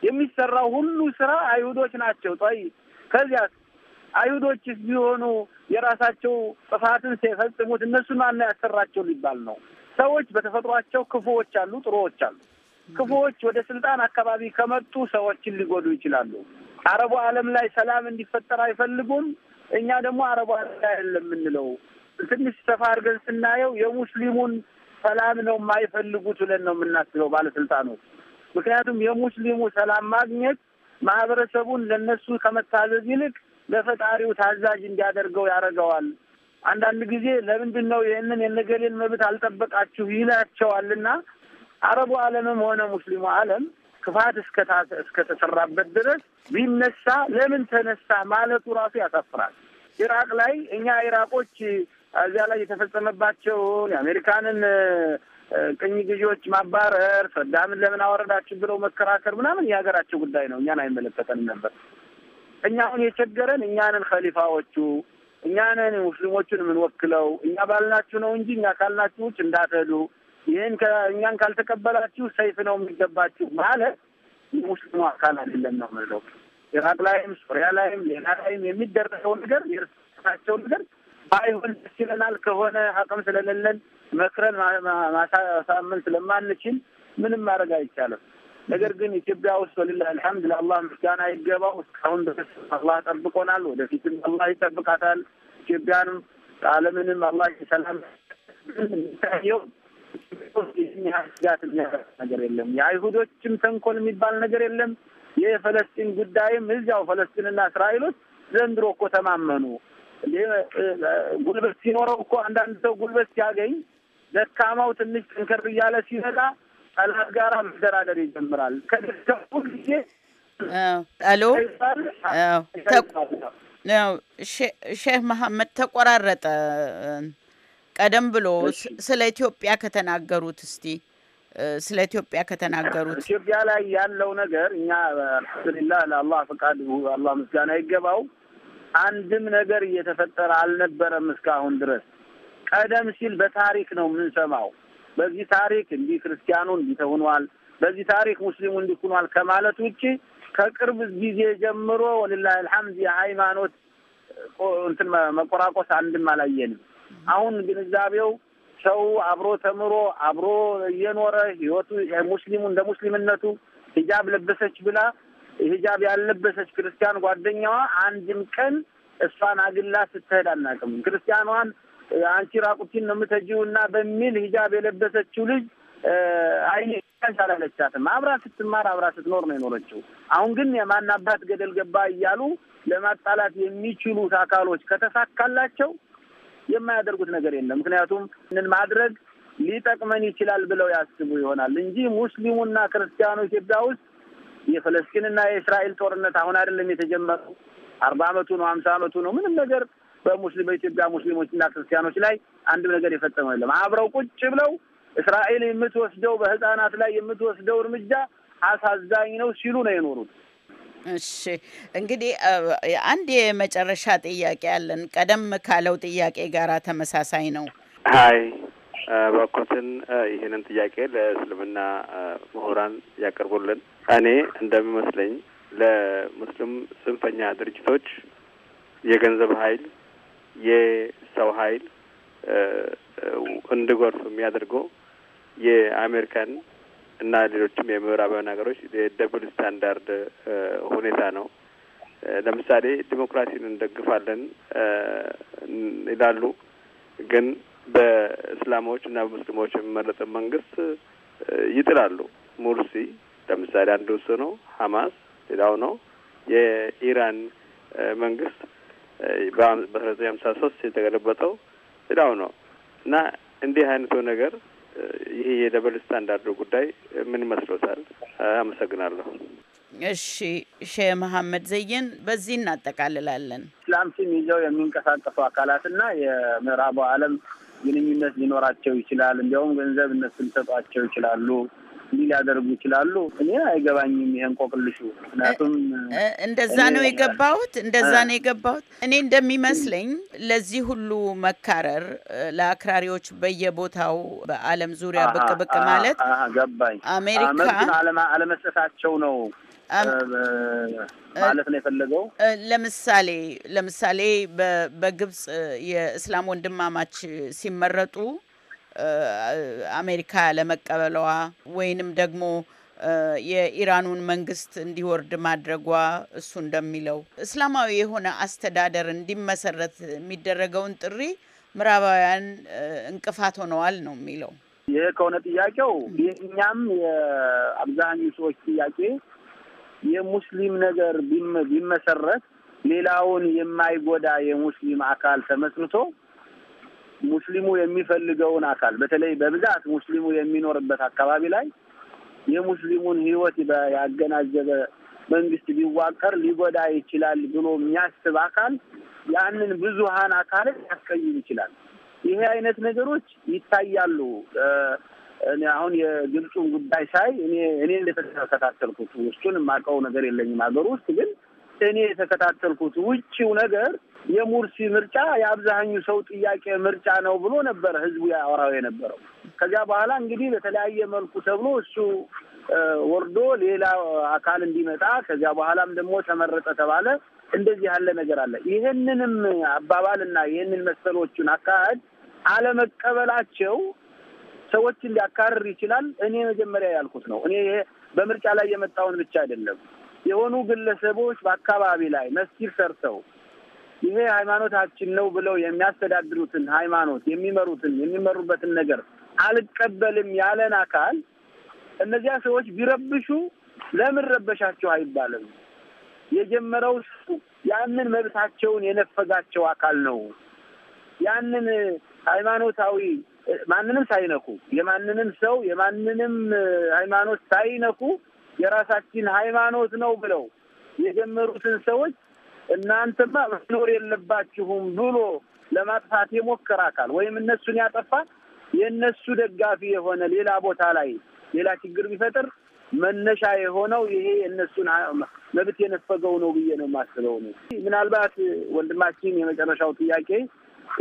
የሚሰራው ሁሉ ስራ አይሁዶች ናቸው ጠይ ከዚያ አይሁዶችስ ቢሆኑ የራሳቸው ጥፋትን ሲፈጽሙት እነሱ ማና ያሰራቸው ሊባል ነው። ሰዎች በተፈጥሯቸው ክፉዎች አሉ፣ ጥሩዎች አሉ። ክፉዎች ወደ ስልጣን አካባቢ ከመጡ ሰዎችን ሊጎዱ ይችላሉ። አረቡ ዓለም ላይ ሰላም እንዲፈጠር አይፈልጉም። እኛ ደግሞ አረቡ ዓለም ላይ አይደለም የምንለው። ትንሽ ሰፋ አድርገን ስናየው የሙስሊሙን ሰላም ነው የማይፈልጉት ብለን ነው የምናስበው ባለስልጣኖች። ምክንያቱም የሙስሊሙ ሰላም ማግኘት ማህበረሰቡን ለነሱ ከመታዘዝ ይልቅ ለፈጣሪው ታዛዥ እንዲያደርገው ያደርገዋል። አንዳንድ ጊዜ ለምንድን ነው ይህንን የነገሌን መብት አልጠበቃችሁ ይላቸዋልና አረቡ ዓለምም ሆነ ሙስሊሙ ዓለም ክፋት እስከተሰራበት ድረስ ቢነሳ ለምን ተነሳ ማለቱ ራሱ ያሳፍራል። ኢራቅ ላይ እኛ ኢራቆች እዚያ ላይ የተፈጸመባቸውን የአሜሪካንን ቅኝ ግዢዎች ማባረር፣ ሰዳምን ለምን አወረዳችሁ ብለው መከራከር ምናምን የሀገራቸው ጉዳይ ነው፣ እኛን አይመለከተንም ነበር። እኛ አሁን የቸገረን እኛንን ከሊፋዎቹ እኛንን ሙስሊሞቹን የምንወክለው እኛ ባልናችሁ ነው እንጂ እኛ ካልናችሁ ውጭ እንዳትሄዱ፣ ይህን እኛን ካልተቀበላችሁ ሰይፍ ነው የሚገባችሁ ማለት የሙስሊሙ አካል አይደለም ነው የምንለው። ኢራቅ ላይም ሶሪያ ላይም ሌላ ላይም የሚደረገው ነገር የእርሳቸውን ነገር አይሁን ደስ ይለናል። ከሆነ አቅም ስለሌለን መክረን ማሳመን ስለማንችል ምንም ማድረግ አይቻልም። ነገር ግን ኢትዮጵያ ውስጥ ወልላ አልሐምድ ለአላህ ምስጋና ይገባው። እስካሁን ድረስ አላህ ጠብቆናል። ወደፊትም አላህ ይጠብቃታል። ኢትዮጵያንም ዓለምንም አላህ ሰላም የሚታየው ስጋት ነገር የለም። የአይሁዶችም ተንኮል የሚባል ነገር የለም። የፈለስጢን ጉዳይም እዚያው ፈለስጢንና እስራኤሎች ዘንድሮ እኮ ተማመኑ ጉልበት ሲኖረው እኮ አንዳንድ ሰው ጉልበት ሲያገኝ ደካማው ትንሽ ጥንከር እያለ ሲመጣ ጠላት ጋራ መደራደር ይጀምራል። ከደካሙ ጊዜ
አሎ ሼህ መሐመድ ተቆራረጠ። ቀደም ብሎ ስለ ኢትዮጵያ ከተናገሩት እስቲ ስለ ኢትዮጵያ ከተናገሩት
ኢትዮጵያ ላይ ያለው ነገር እኛ አልሐምዱሊላህ ለአላህ ፈቃድ አላህ ምስጋና ይገባው አንድም ነገር እየተፈጠረ አልነበረም እስካሁን ድረስ። ቀደም ሲል በታሪክ ነው የምንሰማው። በዚህ ታሪክ እንዲህ ክርስቲያኑ እንዲህ ተሆኗል፣ በዚህ ታሪክ ሙስሊሙ እንዲህ ሆኗል ከማለት ውጭ ከቅርብ ጊዜ ጀምሮ ወልላሂ አልሐምድ የሃይማኖት እንትን መቆራቆስ አንድም አላየንም። አሁን ግንዛቤው ሰው አብሮ ተምሮ አብሮ እየኖረ ህይወቱ ሙስሊሙ እንደ ሙስሊምነቱ ሂጃብ ለበሰች ብላ ሂጃብ ያልለበሰች ክርስቲያን ጓደኛዋ አንድም ቀን እሷን አግላ ስትሄድ አናውቅም። ክርስቲያኗን አንቺ ራቁቲን ነው የምትሄጂው እና በሚል ሂጃብ የለበሰችው ልጅ አይኔ አላለቻትም። አብራ ስትማር አብራ ስትኖር ነው የኖረችው። አሁን ግን የማን አባት ገደል ገባ እያሉ ለማጣላት የሚችሉት አካሎች ከተሳካላቸው የማያደርጉት ነገር የለም። ምክንያቱም ምን ማድረግ ሊጠቅመን ይችላል ብለው ያስቡ ይሆናል እንጂ ሙስሊሙና ክርስቲያኑ ኢትዮጵያ ውስጥ የፈለስጢንና የእስራኤል ጦርነት አሁን አይደለም የተጀመረው። አርባ አመቱ ነው፣ ሀምሳ አመቱ ነው። ምንም ነገር በሙስሊም በኢትዮጵያ ሙስሊሞችና ክርስቲያኖች ላይ አንድም ነገር የፈጸመው የለም። አብረው ቁጭ ብለው እስራኤል የምትወስደው
በህፃናት ላይ የምትወስደው እርምጃ አሳዛኝ ነው ሲሉ ነው የኖሩት። እሺ እንግዲህ አንድ የመጨረሻ ጥያቄ አለን። ቀደም ካለው ጥያቄ ጋራ ተመሳሳይ ነው።
አይ በኩትን ይህንን ጥያቄ ለእስልምና ምሁራን ያቀርቡልን። እኔ እንደሚመስለኝ ለሙስሊም ጽንፈኛ ድርጅቶች የገንዘብ ኃይል የሰው ኃይል እንዲጎርፍ የሚያደርገው የአሜሪካን እና ሌሎችም የምዕራባውያን ሀገሮች የደብል ስታንዳርድ ሁኔታ ነው። ለምሳሌ ዲሞክራሲን እንደግፋለን ይላሉ፣ ግን በእስላሞች እና በሙስሊሞች የሚመረጠ መንግስት ይጥላሉ። ሙርሲ ለምሳሌ አንዱ እሱ ነው። ሀማስ ሌላው ነው። የኢራን መንግስት በአስራ ዘጠኝ ሀምሳ ሶስት የተገለበጠው ሌላው ነው እና እንዲህ አይነቱ ነገር ይሄ የደብል ስታንዳርዱ ጉዳይ ምን ይመስሎታል? አመሰግናለሁ።
እሺ ሼህ መሐመድ ዘይን በዚህ እናጠቃልላለን። ኢስላም
ሲም ይዘው የሚንቀሳቀሱ አካላትና የምዕራቡ ዓለም ግንኙነት ሊኖራቸው ይችላል። እንዲያውም ገንዘብ እነሱ ሊሰጧቸው ይችላሉ ሊያደርጉ ይችላሉ። እኔ አይገባኝም ይሄን ቆቅልሹ። ምክንያቱም
እንደዛ ነው የገባሁት እንደዛ ነው የገባሁት። እኔ እንደሚመስለኝ ለዚህ ሁሉ መካረር ለአክራሪዎች በየቦታው በዓለም ዙሪያ ብቅ ብቅ ማለት
ገባኝ አሜሪካ አለመስጠታቸው ነው ማለት ነው የፈለገው።
ለምሳሌ ለምሳሌ በግብጽ የእስላም ወንድማማች ሲመረጡ አሜሪካ ለመቀበሏ ወይንም ደግሞ የኢራኑን መንግስት እንዲወርድ ማድረጓ እሱ እንደሚለው እስላማዊ የሆነ አስተዳደር እንዲመሰረት የሚደረገውን ጥሪ ምዕራባውያን እንቅፋት ሆነዋል ነው የሚለው።
ይህ ከሆነ ጥያቄው የእኛም የአብዛኛው ሰዎች ጥያቄ የሙስሊም ነገር ቢመሰረት ሌላውን የማይጎዳ የሙስሊም አካል ተመስርቶ ሙስሊሙ የሚፈልገውን አካል በተለይ በብዛት ሙስሊሙ የሚኖርበት አካባቢ ላይ የሙስሊሙን ሕይወት ያገናዘበ መንግስት ቢዋቀር ሊጎዳ ይችላል ብሎ የሚያስብ አካል ያንን ብዙሀን አካልን ያስቀይም ይችላል። ይሄ አይነት ነገሮች ይታያሉ። እኔ አሁን የግብፁን ጉዳይ ሳይ እኔ እኔ እንደተከታተልኩት ውስጡን የማውቀው ነገር የለኝም። ሀገር ውስጥ ግን እኔ የተከታተልኩት ውጭው ነገር የሙርሲ ምርጫ የአብዛኛው ሰው ጥያቄ ምርጫ ነው ብሎ ነበረ ህዝቡ ያወራው የነበረው። ከዚያ በኋላ እንግዲህ በተለያየ መልኩ ተብሎ እሱ ወርዶ ሌላ አካል እንዲመጣ ከዚያ በኋላም ደግሞ ተመረጠ ተባለ። እንደዚህ ያለ ነገር አለ። ይህንንም አባባልና ይህንን መሰሎቹን አካሄድ አለመቀበላቸው ሰዎችን ሊያካርር ይችላል። እኔ መጀመሪያ ያልኩት ነው። እኔ ይሄ በምርጫ ላይ የመጣውን ብቻ አይደለም። የሆኑ ግለሰቦች በአካባቢ ላይ መስጊድ ሰርተው ይሄ ሃይማኖታችን ነው ብለው የሚያስተዳድሩትን ሃይማኖት የሚመሩትን የሚመሩበትን ነገር አልቀበልም ያለን አካል እነዚያ ሰዎች ቢረብሹ ለምን ረበሻቸው አይባልም። የጀመረው ያንን መብታቸውን የነፈጋቸው አካል ነው። ያንን ሃይማኖታዊ ማንንም ሳይነኩ የማንንም ሰው የማንንም ሃይማኖት ሳይነኩ የራሳችን ሃይማኖት ነው ብለው የጀመሩትን ሰዎች እናንተማ መኖር የለባችሁም ብሎ ለማጥፋት የሞከረ አካል ወይም እነሱን ያጠፋ የእነሱ ደጋፊ የሆነ ሌላ ቦታ ላይ ሌላ ችግር ቢፈጥር መነሻ የሆነው ይሄ የእነሱን መብት የነፈገው ነው ብዬ ነው የማስበው። ነው ምናልባት ወንድማችን የመጨረሻው ጥያቄ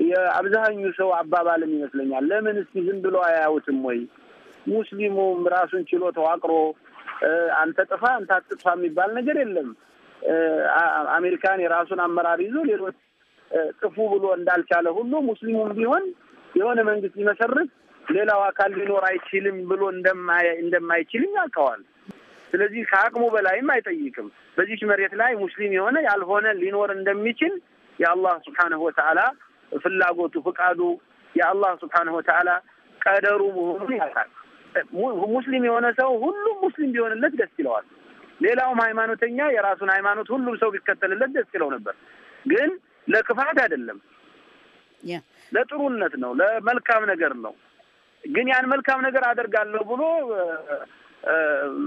የአብዛኙ ሰው አባባልም ይመስለኛል። ለምን እስቲ ዝም ብሎ አያዩትም ወይ? ሙስሊሙም ራሱን ችሎ ተዋቅሮ አንተ ጥፋ አንተ አትጥፋ የሚባል ነገር የለም። አሜሪካን የራሱን አመራር ይዞ ሌሎች ጥፉ ብሎ እንዳልቻለ ሁሉ ሙስሊሙም ቢሆን የሆነ መንግስት ሊመሰርት ሌላው አካል ሊኖር አይችልም ብሎ እንደማይችልም ያውቀዋል። ስለዚህ ከአቅሙ በላይም አይጠይቅም። በዚች መሬት ላይ ሙስሊም የሆነ ያልሆነ ሊኖር እንደሚችል የአላህ ስብሓነሁ ወተዓላ ፍላጎቱ፣ ፍቃዱ የአላህ ስብሓንሁ ወተዓላ ቀደሩ መሆኑን ያውቃል። ሙስሊም የሆነ ሰው ሁሉም ሙስሊም ቢሆንለት ደስ ይለዋል። ሌላውም ሃይማኖተኛ የራሱን ሃይማኖት ሁሉም ሰው ቢከተልለት ደስ ይለው ነበር። ግን ለክፋት አይደለም፣ ለጥሩነት ነው፣ ለመልካም ነገር ነው። ግን ያን መልካም ነገር አደርጋለሁ ብሎ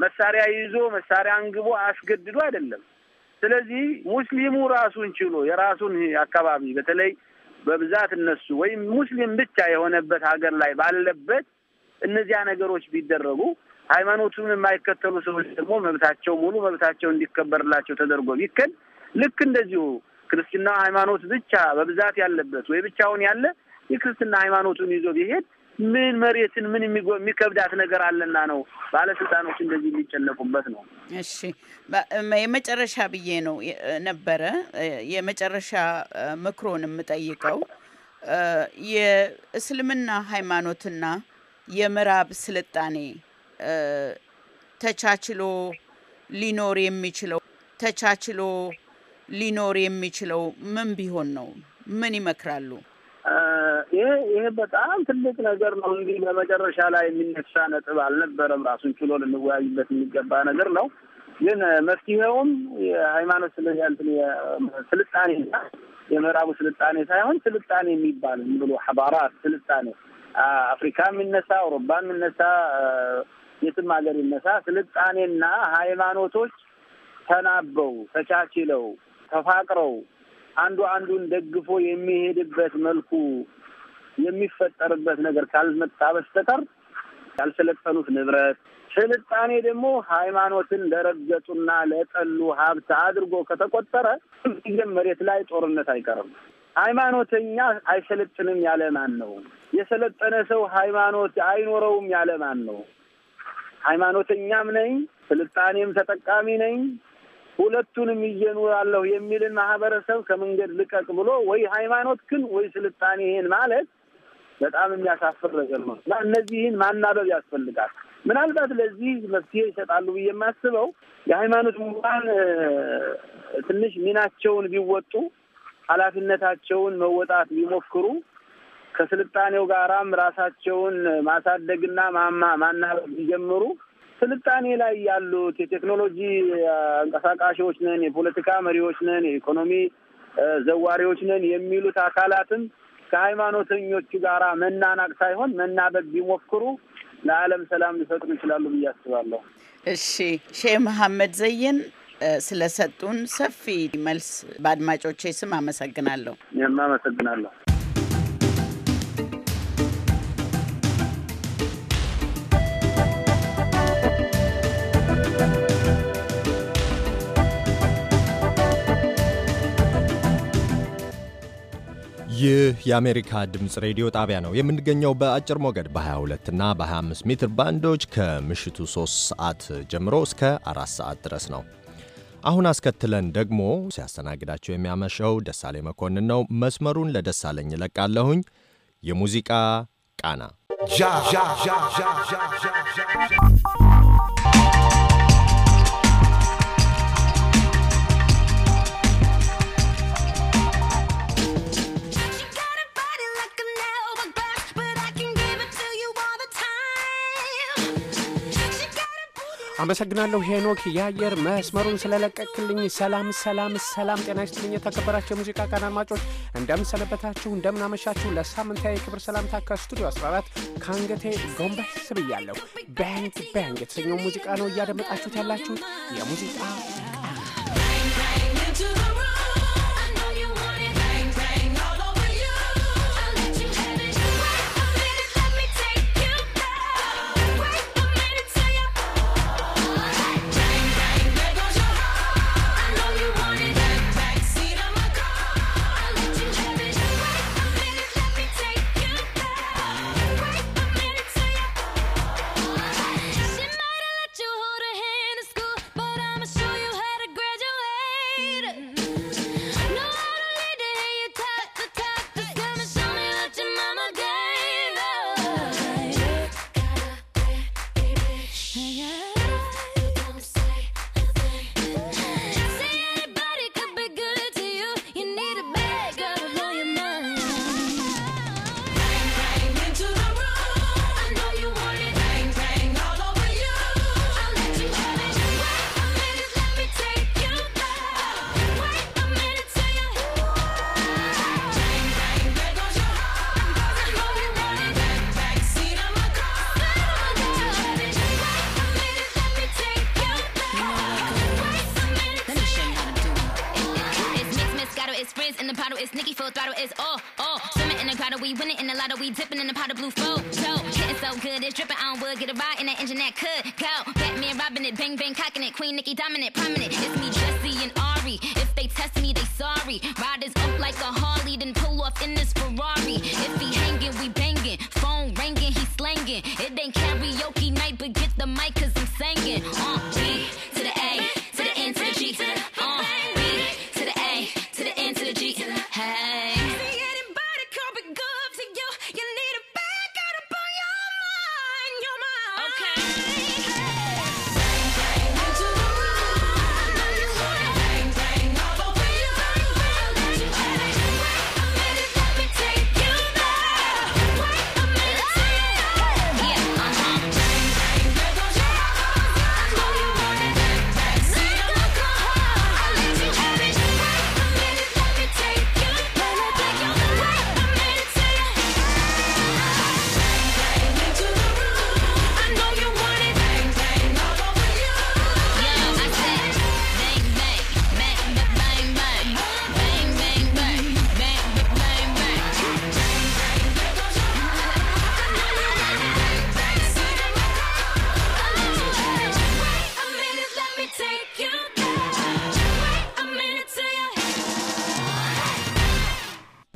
መሳሪያ ይዞ መሳሪያ አንግቦ አስገድዶ አይደለም። ስለዚህ ሙስሊሙ ራሱን ችሎ የራሱን አካባቢ በተለይ በብዛት እነሱ ወይም ሙስሊም ብቻ የሆነበት ሀገር ላይ ባለበት እነዚያ ነገሮች ቢደረጉ ሃይማኖቱን የማይከተሉ ሰዎች ደግሞ መብታቸው ሙሉ መብታቸው እንዲከበርላቸው ተደርጎ ቢከል ልክ እንደዚሁ ክርስትና ሃይማኖት ብቻ በብዛት ያለበት ወይ ብቻውን ያለ የክርስትና ሃይማኖቱን ይዞ ቢሄድ ምን መሬትን ምን የሚከብዳት ነገር አለና ነው ባለስልጣኖች እንደዚህ የሚጨነቁበት ነው።
እሺ የመጨረሻ ብዬ ነው ነበረ የመጨረሻ ምክሮን የምጠይቀው የእስልምና ሃይማኖትና የምዕራብ ስልጣኔ ተቻችሎ ሊኖር የሚችለው ተቻችሎ ሊኖር የሚችለው ምን ቢሆን ነው? ምን ይመክራሉ?
ይሄ ይሄ በጣም ትልቅ ነገር ነው። እንግዲህ በመጨረሻ ላይ የሚነሳ ነጥብ አልነበረም። ራሱን ችሎ ልንወያይበት የሚገባ ነገር ነው። ግን መፍትሄውም የሃይማኖት ስልጣኔና የምዕራቡ ስልጣኔ ሳይሆን ስልጣኔ የሚባል ዝም ብሎ ሐባራት ስልጣኔ አፍሪካ የሚነሳ አውሮፓ የሚነሳ የትም ሀገር ይነሳ ስልጣኔና ሃይማኖቶች ተናበው ተቻችለው ተፋቅረው አንዱ አንዱን ደግፎ የሚሄድበት መልኩ የሚፈጠርበት ነገር ካልመጣ በስተቀር ያልሰለጠኑት ንብረት ስልጣኔ ደግሞ ሃይማኖትን ለረገጡና ለጠሉ ሀብት አድርጎ ከተቆጠረ ጊዜም መሬት ላይ ጦርነት አይቀርም። ሃይማኖተኛ አይሰለጥንም ያለ ማን ነው? የሰለጠነ ሰው ሃይማኖት አይኖረውም ያለ ማን ነው? ሃይማኖተኛም ነኝ ስልጣኔም ተጠቃሚ ነኝ ሁለቱንም እየኖራለሁ የሚልን ማህበረሰብ ከመንገድ ልቀቅ ብሎ ወይ ሃይማኖት ክን ወይ ስልጣኔ ይሄን ማለት በጣም የሚያሳፍር ነገር ነው እና እነዚህን ማናበብ ያስፈልጋል። ምናልባት ለዚህ መፍትሄ ይሰጣሉ ብዬ የማስበው የሃይማኖት ምሁራን ትንሽ ሚናቸውን ቢወጡ ኃላፊነታቸውን መወጣት ቢሞክሩ ከስልጣኔው ጋራም ራሳቸውን ማሳደግና ማማ ማናበብ ቢጀምሩ ስልጣኔ ላይ ያሉት የቴክኖሎጂ አንቀሳቃሾች ነን፣ የፖለቲካ መሪዎች ነን፣ የኢኮኖሚ ዘዋሪዎች ነን የሚሉት አካላትም
ከሃይማኖተኞቹ ጋራ መናናቅ ሳይሆን መናበብ ቢሞክሩ ለዓለም ሰላም ሊፈጥሩ ይችላሉ ብዬ አስባለሁ። እሺ ሼህ መሐመድ ዘይን ስለሰጡን ሰፊ መልስ በአድማጮቼ ስም አመሰግናለሁ።
እኔም አመሰግናለሁ።
ይህ የአሜሪካ ድምፅ ሬዲዮ ጣቢያ ነው። የምንገኘው በአጭር ሞገድ በ22 እና በ25 ሜትር ባንዶች ከምሽቱ 3 ሰዓት ጀምሮ እስከ 4 ሰዓት ድረስ ነው። አሁን አስከትለን ደግሞ ሲያስተናግዳቸው የሚያመሸው ደሳሌ መኮንን ነው። መስመሩን ለደሳለኝ እለቃለሁኝ። የሙዚቃ ቃና
አመሰግናለሁ ሄኖክ የአየር መስመሩን ስለለቀቅልኝ። ሰላም ሰላም ሰላም፣ ጤና ይስጥልኝ የተከበራቸው የሙዚቃ ቀን አድማጮች፣ እንደምንሰነበታችሁ፣ እንደምናመሻችሁ። ለሳምንታዊ የክብር ሰላምታ ከስቱዲዮ 14 ከአንገቴ ጎንበስ ብያለሁ። ባንግ ባንግ የተሰኘው ሙዚቃ ነው እያደመጣችሁት ያላችሁት የሙዚቃ
It's Nikki full throttle. It's oh oh. Swimming in the grotto, we winning in the lotto. We dipping in the pot of blue flow. So getting so good, it's dripping on wood. Get a ride in that engine that could go. Batman robbing it, bang bang cocking it. Queen Nikki dominant, prominent. It's me, Jesse and Ari. If they test me, they sorry. Riders up like a Harley, then pull off in this Ferrari. If he hanging, we banging. Phone ringing, he slanging. It ain't karaoke night, but get the mic 'cause I'm singing. Uh.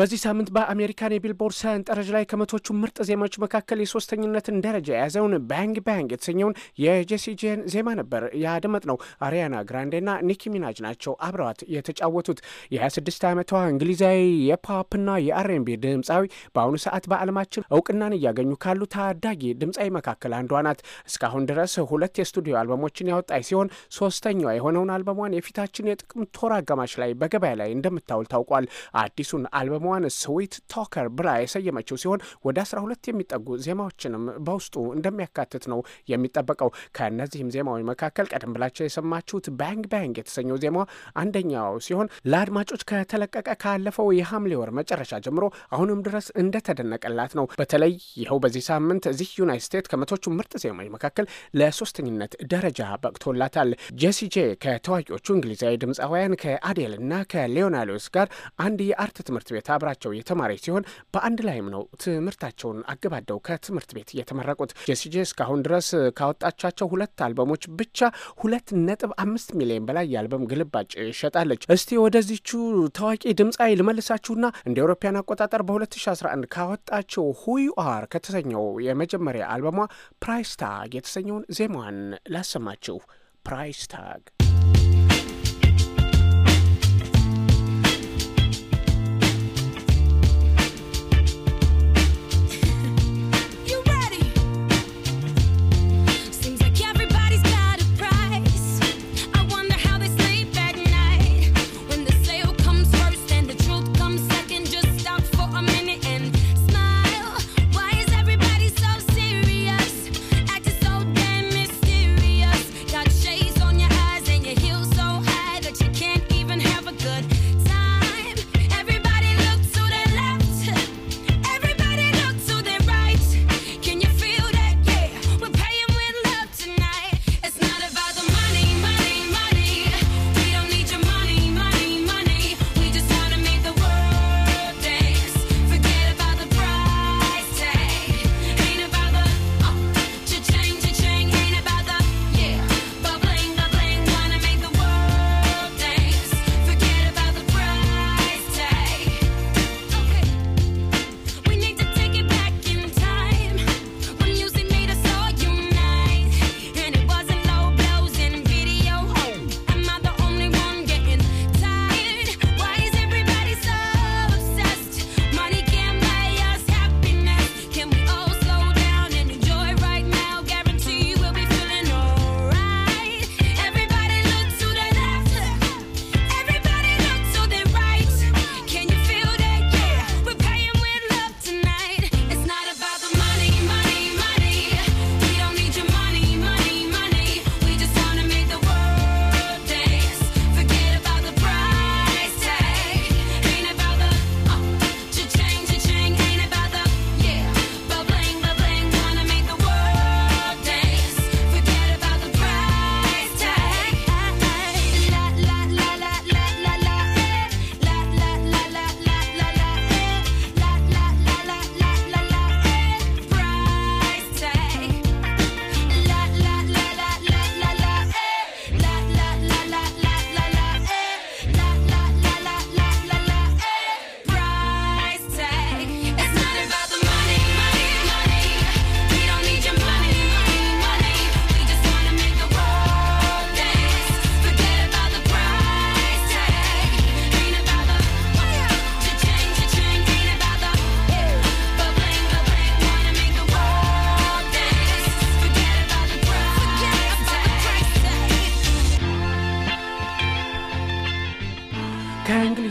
በዚህ ሳምንት በአሜሪካን የቢልቦርድ ሰንጠረዥ ላይ ከመቶቹ ምርጥ ዜማዎች መካከል የሶስተኝነትን ደረጃ የያዘውን ባንግ ባንግ የተሰኘውን የጄሲጄን ዜማ ነበር ያደመጥ ነው። አሪያና ግራንዴና ኒኪ ሚናጅ ናቸው አብረዋት የተጫወቱት። የ26 ዓመቷ እንግሊዛዊ የፖፕና የአርኤንቢ ድምፃዊ በአሁኑ ሰዓት በዓለማችን እውቅናን እያገኙ ካሉ ታዳጊ ድምፃዊ መካከል አንዷ ናት። እስካሁን ድረስ ሁለት የስቱዲዮ አልበሞችን ያወጣች ሲሆን ሶስተኛዋ የሆነውን አልበሟን የፊታችን የጥቅምት ወር አጋማሽ ላይ በገበያ ላይ እንደምታውል ታውቋል። አዲሱን አልበ ስሟን ስዊት ቶከር ብላ የሰየመችው ሲሆን ወደ 12 የሚጠጉ ዜማዎችንም በውስጡ እንደሚያካትት ነው የሚጠበቀው። ከእነዚህም ዜማዎች መካከል ቀደም ብላቸው የሰማችሁት ባንግ ባንግ የተሰኘው ዜማ አንደኛው ሲሆን ለአድማጮች ከተለቀቀ ካለፈው የሐምሌ ወር መጨረሻ ጀምሮ አሁንም ድረስ እንደተደነቀላት ነው። በተለይ ይኸው በዚህ ሳምንት እዚህ ዩናይት ስቴትስ ከመቶቹ ምርጥ ዜማዎች መካከል ለሶስተኝነት ደረጃ በቅቶላታል። ጄሲ ጄ ከታዋቂዎቹ እንግሊዛዊ ድምፃውያን ከአዴል እና ከሊዮና ሌዊስ ጋር አንድ የአርት ትምህርት ቤት አብራቸው የተማረች ሲሆን በአንድ ላይም ነው ትምህርታቸውን አገባደው ከትምህርት ቤት የተመረቁት። ጄሲጄ እስካሁን ድረስ ካወጣቻቸው ሁለት አልበሞች ብቻ ሁለት ነጥብ አምስት ሚሊዮን በላይ የአልበም ግልባጭ ይሸጣለች። እስቲ ወደዚቹ ታዋቂ ድምፃዊ ልመልሳችሁና እንደ አውሮፓውያን አቆጣጠር በ2011 ካወጣቸው ሁዩ አር ከተሰኘው የመጀመሪያ አልበሟ ፕራይስ ታግ የተሰኘውን ዜማዋን ላሰማችሁ። ፕራይስ ታግ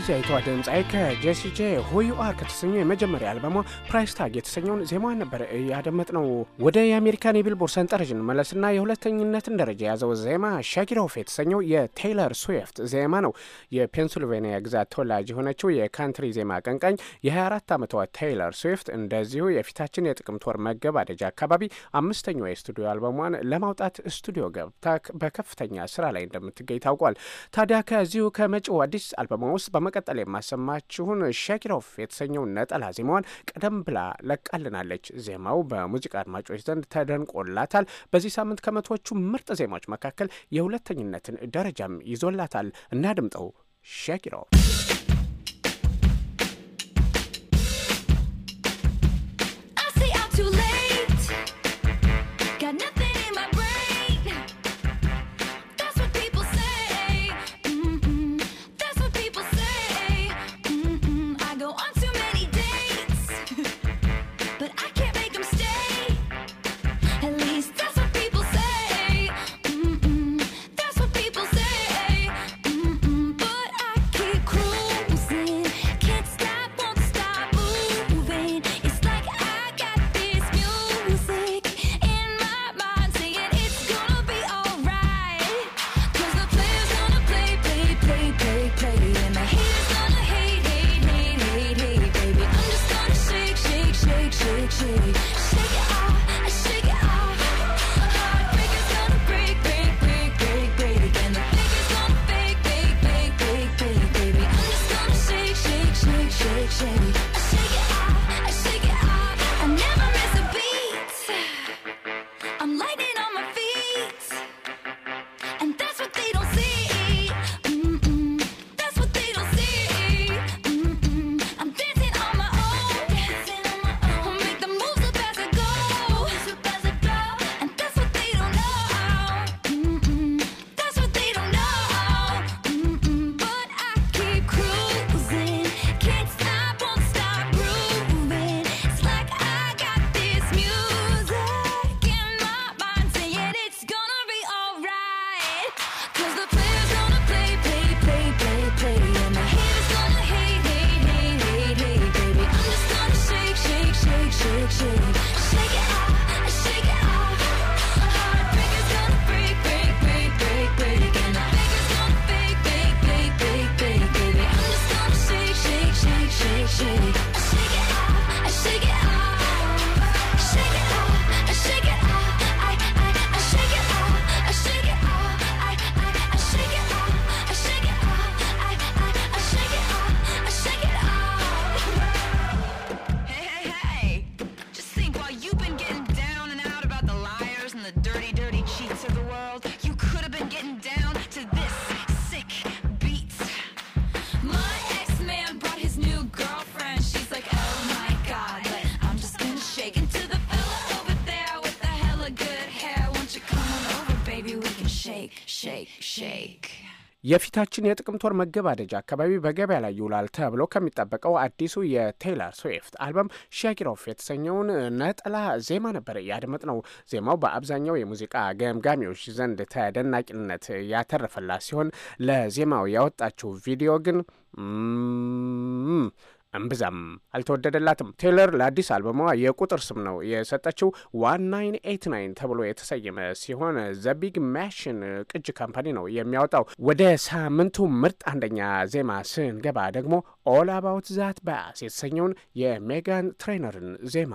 እንግሊዛዊቷ ድምፃዊ ከጄሲጄ ጄ ሁዩአር ከተሰኘው የመጀመሪያ አልበሟ ፕራይስ ታግ የተሰኘውን ዜማ ነበር ያደመጥ ነው። ወደ የአሜሪካን የቢልቦርድ ሰንጠረዥ እንመለስና የሁለተኝነትን ደረጃ የያዘው ዜማ ሻጊሮፍ የተሰኘው የቴይለር ስዊፍት ዜማ ነው። የፔንስልቬኒያ ግዛት ተወላጅ የሆነችው የካንትሪ ዜማ አቀንቃኝ የ24 ዓመቷ ቴይለር ስዊፍት እንደዚሁ የፊታችን የጥቅምት ወር መገባደጃ አካባቢ አምስተኛው የስቱዲዮ አልበሟን ለማውጣት ስቱዲዮ ገብታ በከፍተኛ ስራ ላይ እንደምትገኝ ታውቋል። ታዲያ ከዚሁ ከመጪው አዲስ አልበሟ ውስጥ በመቀጠል የማሰማችሁን ሸኪሮፍ የተሰኘውን ነጠላ ዜማዋን ቀደም ብላ ለቃልናለች። ዜማው በሙዚቃ አድማጮች ዘንድ ተደንቆላታል። በዚህ ሳምንት ከመቶዎቹ ምርጥ ዜማዎች መካከል የሁለተኝነትን ደረጃም ይዞላታል። እናድምጠው ሸኪሮፍ
shake, shake, shake, shake, shake.
የፊታችን የጥቅምት ወር መገባደጃ አካባቢ በገበያ ላይ ይውላል ተብሎ ከሚጠበቀው አዲሱ የቴይለር ስዊፍት አልበም ሻኪሮፍ የተሰኘውን ነጠላ ዜማ ነበር ያድመጥ ነው። ዜማው በአብዛኛው የሙዚቃ ገምጋሚዎች ዘንድ ተደናቂነት ያተረፈላት ሲሆን ለዜማው ያወጣችው ቪዲዮ ግን እምብዛም አልተወደደላትም። ቴይለር ለአዲስ አልበሟ የቁጥር ስም ነው የሰጠችው። ዋን ናይን ናይን ተብሎ የተሰየመ ሲሆን ዘቢግ ማሽን ቅጅ ካምፓኒ ነው የሚያወጣው። ወደ ሳምንቱ ምርጥ አንደኛ ዜማ ስንገባ ደግሞ ኦል አባውት ዛት ባስ የተሰኘውን የሜጋን ትሬነርን ዜማ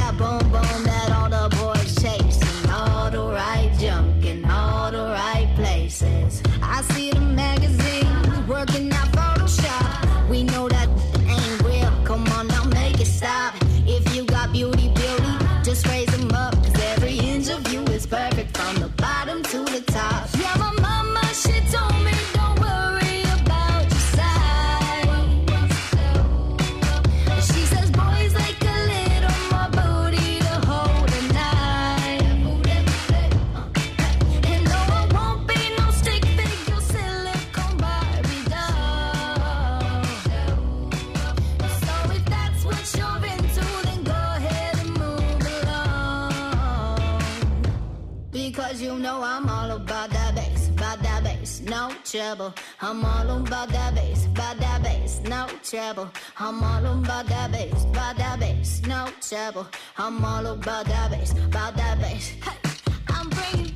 no trouble. I'm all about that bass, about that bass, no trouble. I'm all about that bass, about that bass, no trouble. I'm all about that bass, about that bass. Hey, I'm bringing.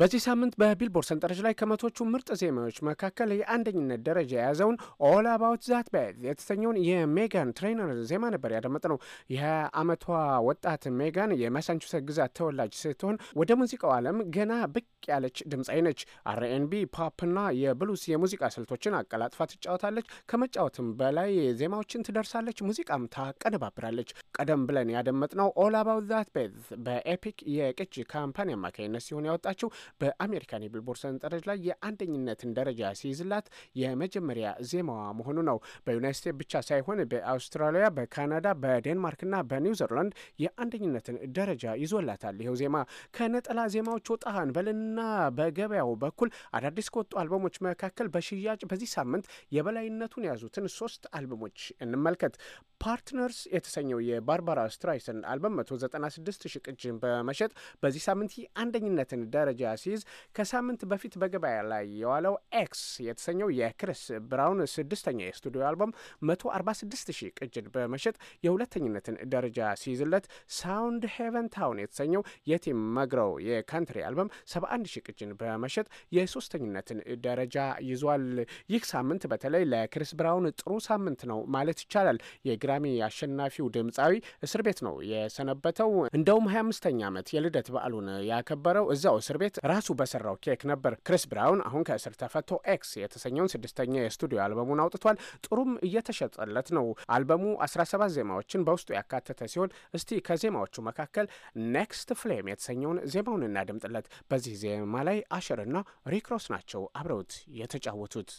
በዚህ ሳምንት በቢልቦርድ ሰንጠረዥ ላይ ከመቶቹ ምርጥ ዜማዎች መካከል የአንደኝነት ደረጃ የያዘውን ኦል አባውት ዛት ቤት የተሰኘውን የሜጋን ትሬነር ዜማ ነበር ያደመጥነው። የአመቷ ወጣት ሜጋን የማሳቹሴት ግዛት ተወላጅ ስትሆን ወደ ሙዚቃው ዓለም ገና ብቅ ያለች ድምፃዊ ነች። አርኤንቢ፣ ፖፕና የብሉስ የሙዚቃ ስልቶችን አቀላጥፋ ትጫወታለች። ከመጫወትም በላይ ዜማዎችን ትደርሳለች፣ ሙዚቃም ታቀነባብራለች። ቀደም ብለን ያደመጥነው ኦል አባውት ዛት ቤዝ በኤፒክ የቅጅ ካምፓኒ አማካኝነት ሲሆን ያወጣችው በአሜሪካን የቢልቦርድ ሰንጠረዥ ላይ የአንደኝነትን ደረጃ ሲይዝላት የመጀመሪያ ዜማዋ መሆኑ ነው። በዩናይት ስቴትስ ብቻ ሳይሆን በአውስትራሊያ፣ በካናዳ፣ በዴንማርክና በኒውዚርላንድ የአንደኝነትን ደረጃ ይዞላታል። ይኸው ዜማ ከነጠላ ዜማዎች ወጣን በልን በምርትና በገበያው በኩል አዳዲስ ከወጡ አልበሞች መካከል በሽያጭ በዚህ ሳምንት የበላይነቱን የያዙትን ሶስት አልበሞች እንመልከት። ፓርትነርስ የተሰኘው የባርባራ ስትራይሰን አልበም 196 ሺ ቅጅን በመሸጥ በዚህ ሳምንት አንደኝነትን ደረጃ ሲይዝ ከሳምንት በፊት በገበያ ላይ የዋለው ኤክስ የተሰኘው የክሪስ ብራውን ስድስተኛ የስቱዲዮ አልበም 146 ሺ ቅጅን በመሸጥ የሁለተኝነትን ደረጃ ሲይዝለት፣ ሳውንድ ሄቨን ታውን የተሰኘው የቲም መግረው የካንትሪ አልበም 71 ሺህ ቅጅን በመሸጥ የሶስተኝነትን ደረጃ ይዟል። ይህ ሳምንት በተለይ ለክሪስ ብራውን ጥሩ ሳምንት ነው ማለት ይቻላል። የግራ የቅዳሜ አሸናፊው ድምፃዊ እስር ቤት ነው የሰነበተው። እንደውም 25ኛ ዓመት የልደት በዓሉን ያከበረው እዚያው እስር ቤት ራሱ በሰራው ኬክ ነበር። ክሪስ ብራውን አሁን ከእስር ተፈቶ ኤክስ የተሰኘውን ስድስተኛ የስቱዲዮ አልበሙን አውጥቷል። ጥሩም እየተሸጠለት ነው። አልበሙ 17 ዜማዎችን በውስጡ ያካተተ ሲሆን እስቲ ከዜማዎቹ መካከል ኔክስት ፍሌም የተሰኘውን ዜማውን እናድምጥለት። በዚህ ዜማ ላይ አሸርና ሪክሮስ ናቸው አብረውት የተጫወቱት።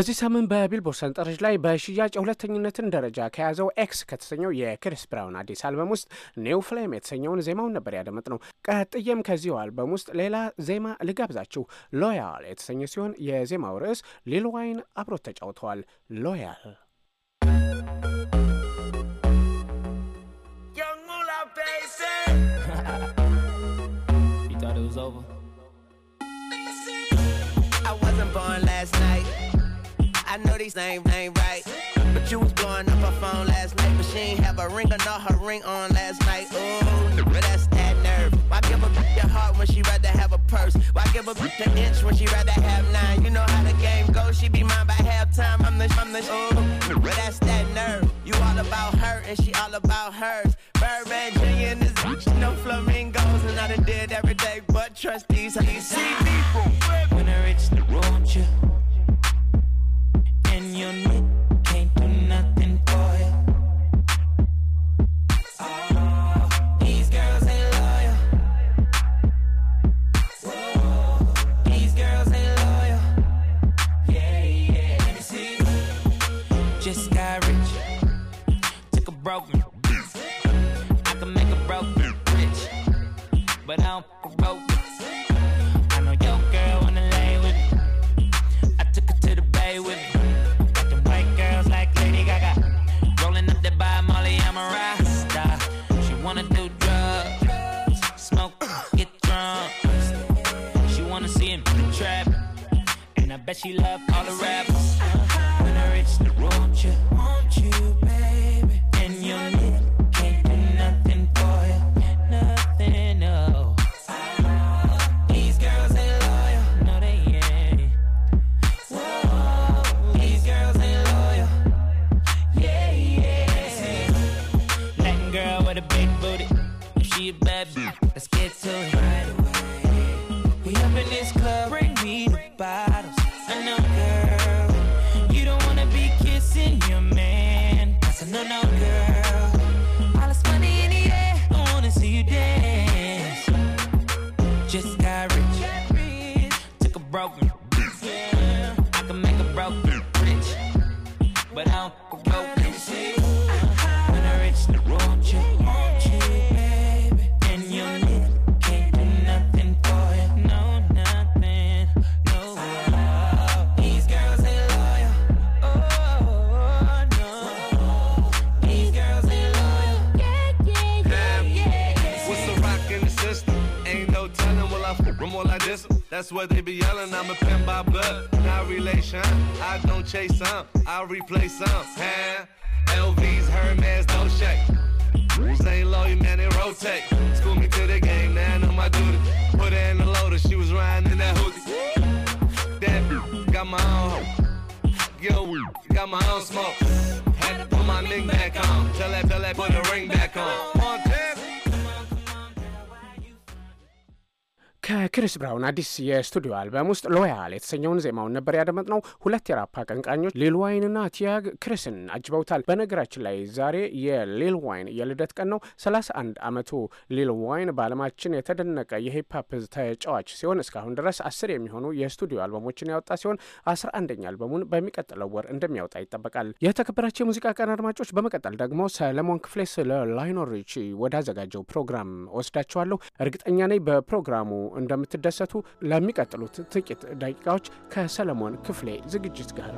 በዚህ ሳምንት በቢልቦርድ ሰንጠረዥ ላይ በሽያጭ የሁለተኝነትን ደረጃ ከያዘው ኤክስ ከተሰኘው የክሪስ ብራውን አዲስ አልበም ውስጥ ኒው ፍሌም የተሰኘውን ዜማውን ነበር ያደመጥ ነው። ቀጥዬም ከዚሁ አልበም ውስጥ ሌላ ዜማ ልጋብዛችሁ። ሎያል የተሰኘ ሲሆን የዜማው ርዕስ ሊል ዋይን አብሮት ተጫውተዋል። ሎያል
(laughs) I wasn't born last night. I know these names ain't right. But you was blowing up her phone last night, but she ain't have a ring or her ring on last night. Ooh, but that's that nerve. Why give a bitch heart when she rather have a purse? Why give a bitch an inch when she rather have nine? You know how the game goes, she be mine by halftime. I'm the, I'm the, ooh, but that's that nerve. You all about her and she all about hers. Birdman Jay and this bitch, no flamingos, and I done did every day, but trust these. these people.
but I don't fuck about I know your girl wanna lay with me. I took her to the bay with me. Got them white girls like Lady Gaga. Rolling up that by Molly, I'm a rasta. She wanna do drugs, smoke, get drunk. She wanna see him in the trap. And I bet she love all the rappers. When I reach the road, you, want you? got rich. Took a broken bitch. I can make a broken rich. But I don't
That's what they be yelling. I'm a pin by blood, not relation. I don't chase some, I replace some. Huh? LVs, Hermes, no shake. St. you man, they rotate. School me to the game, now I know my duty. Put her in the loader, she was riding in that hoodie. That got my own hoe. Yo, got my own smoke. Had to put my ring back on. Tell that, tell that, put the ring back on. One,
ከክሪስ ብራውን አዲስ የስቱዲዮ አልበም ውስጥ ሎያል የተሰኘውን ዜማውን ነበር ያደመጥነው። ሁለት የራፕ አቀንቃኞች ሊል ዋይንና ቲያግ ክሪስን አጅበውታል። በነገራችን ላይ ዛሬ የሊል ዋይን የልደት ቀን ነው። 31 ዓመቱ ሊል ዋይን በዓለማችን የተደነቀ የሂፕሀፕ ተጫዋች ሲሆን እስካሁን ድረስ አስር የሚሆኑ የስቱዲዮ አልበሞችን ያወጣ ሲሆን አስራ አንደኛ አልበሙን በሚቀጥለው ወር እንደሚያወጣ ይጠበቃል። የተከበራቸው የሙዚቃ ቀን አድማጮች፣ በመቀጠል ደግሞ ሰለሞን ክፍሌ ስለ ላይኖሪች ወዳዘጋጀው ፕሮግራም ወስዳቸዋለሁ። እርግጠኛ ነኝ በፕሮግራሙ እንደምትደሰቱ ለሚቀጥሉት ጥቂት ደቂቃዎች ከሰለሞን ክፍሌ ዝግጅት ጋር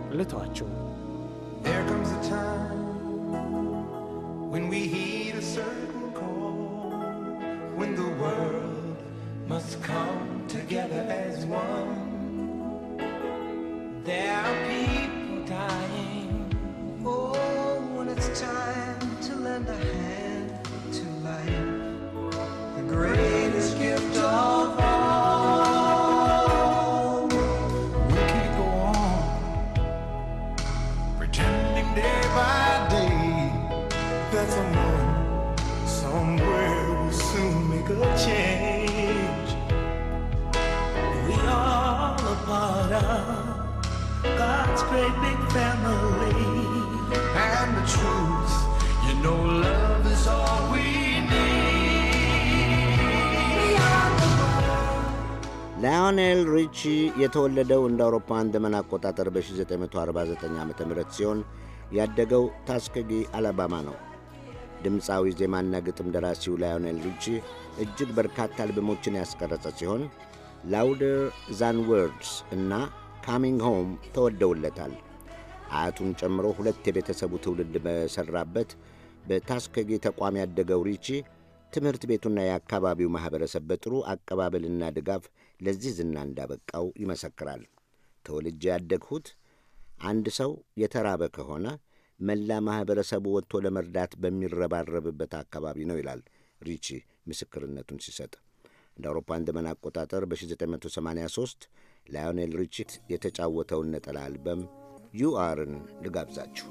it's Time to lend a
የተወለደው እንደ አውሮፓውያን ዘመን አቆጣጠር በ1949 ዓ ም ሲሆን ያደገው ታስከጊ አላባማ ነው። ድምፃዊ ዜማና ግጥም ደራሲው ላዮኔል ሪቺ እጅግ በርካታ አልበሞችን ያስቀረጸ ሲሆን ላውደር ዛን ወርድስ እና ካሚንግ ሆም ተወደውለታል። አያቱን ጨምሮ ሁለት የቤተሰቡ ትውልድ በሠራበት በታስከጌ ተቋም ያደገው ሪቺ ትምህርት ቤቱና የአካባቢው ማኅበረሰብ በጥሩ አቀባበልና ድጋፍ ለዚህ ዝና እንዳበቃው ይመሰክራል። ተወልጄ ያደግሁት አንድ ሰው የተራበ ከሆነ መላ ማኅበረሰቡ ወጥቶ ለመርዳት በሚረባረብበት አካባቢ ነው ይላል ሪቺ ምስክርነቱን ሲሰጥ። እንደ አውሮፓውያን ዘመን አቆጣጠር በ1983 ላዮኔል ሪቺ የተጫወተውን ነጠላ አልበም ዩአርን ልጋብዛችሁ።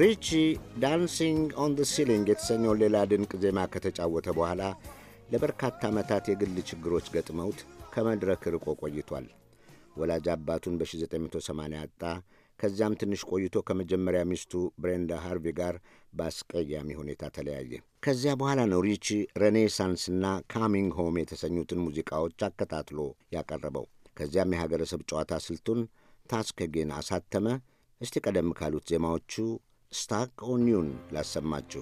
ሪቺ ዳንሲንግ ኦን ዘ ሲሊንግ የተሰኘውን ሌላ ድንቅ ዜማ ከተጫወተ በኋላ ለበርካታ ዓመታት የግል ችግሮች ገጥመውት ከመድረክ ርቆ ቆይቷል። ወላጅ አባቱን በ1980 አጣ። ከዚያም ትንሽ ቆይቶ ከመጀመሪያ ሚስቱ ብሬንዳ ሃርቪ ጋር በአስቀያሚ ሁኔታ ተለያየ። ከዚያ በኋላ ነው ሪቺ ሬኔሳንስና ካሚንግ ሆም የተሰኙትን ሙዚቃዎች አከታትሎ ያቀረበው። ከዚያም የሀገረሰብ ጨዋታ ስልቱን ታስከጌን አሳተመ። እስቲ ቀደም ካሉት ዜማዎቹ ስታክ ኦኒውን ላሰማችሁ።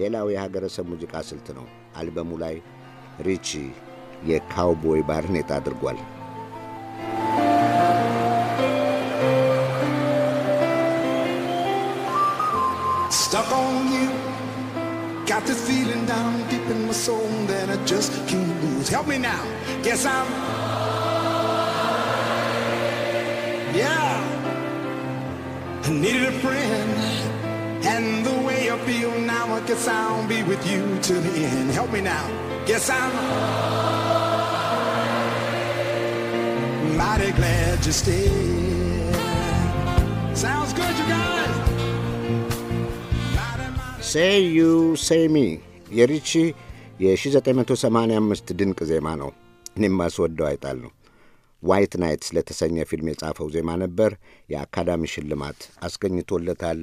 ሌላው የሀገረሰብ ሙዚቃ ስልት ነው። አልበሙ ላይ ሪቺ የካውቦይ ባርኔጣ አድርጓል።
Stuck on you Got this feeling down deep in my soul That I just can't lose Help me now Guess I'm Yeah I needed a friend And the way I feel now, I guess I'll be with you to the end. Help me now. Guess I'm mighty
glad you stayed.
Sounds good, you guys.
Say say you, ሴይ ዩ ሴይ ሚ የሪቺ የ1985 ድንቅ ዜማ ነው። እኔም ማስወደው አይጣል ነው። ዋይት ናይት ስለተሰኘ ፊልም የጻፈው ዜማ ነበር። የአካዳሚ ሽልማት አስገኝቶለታል።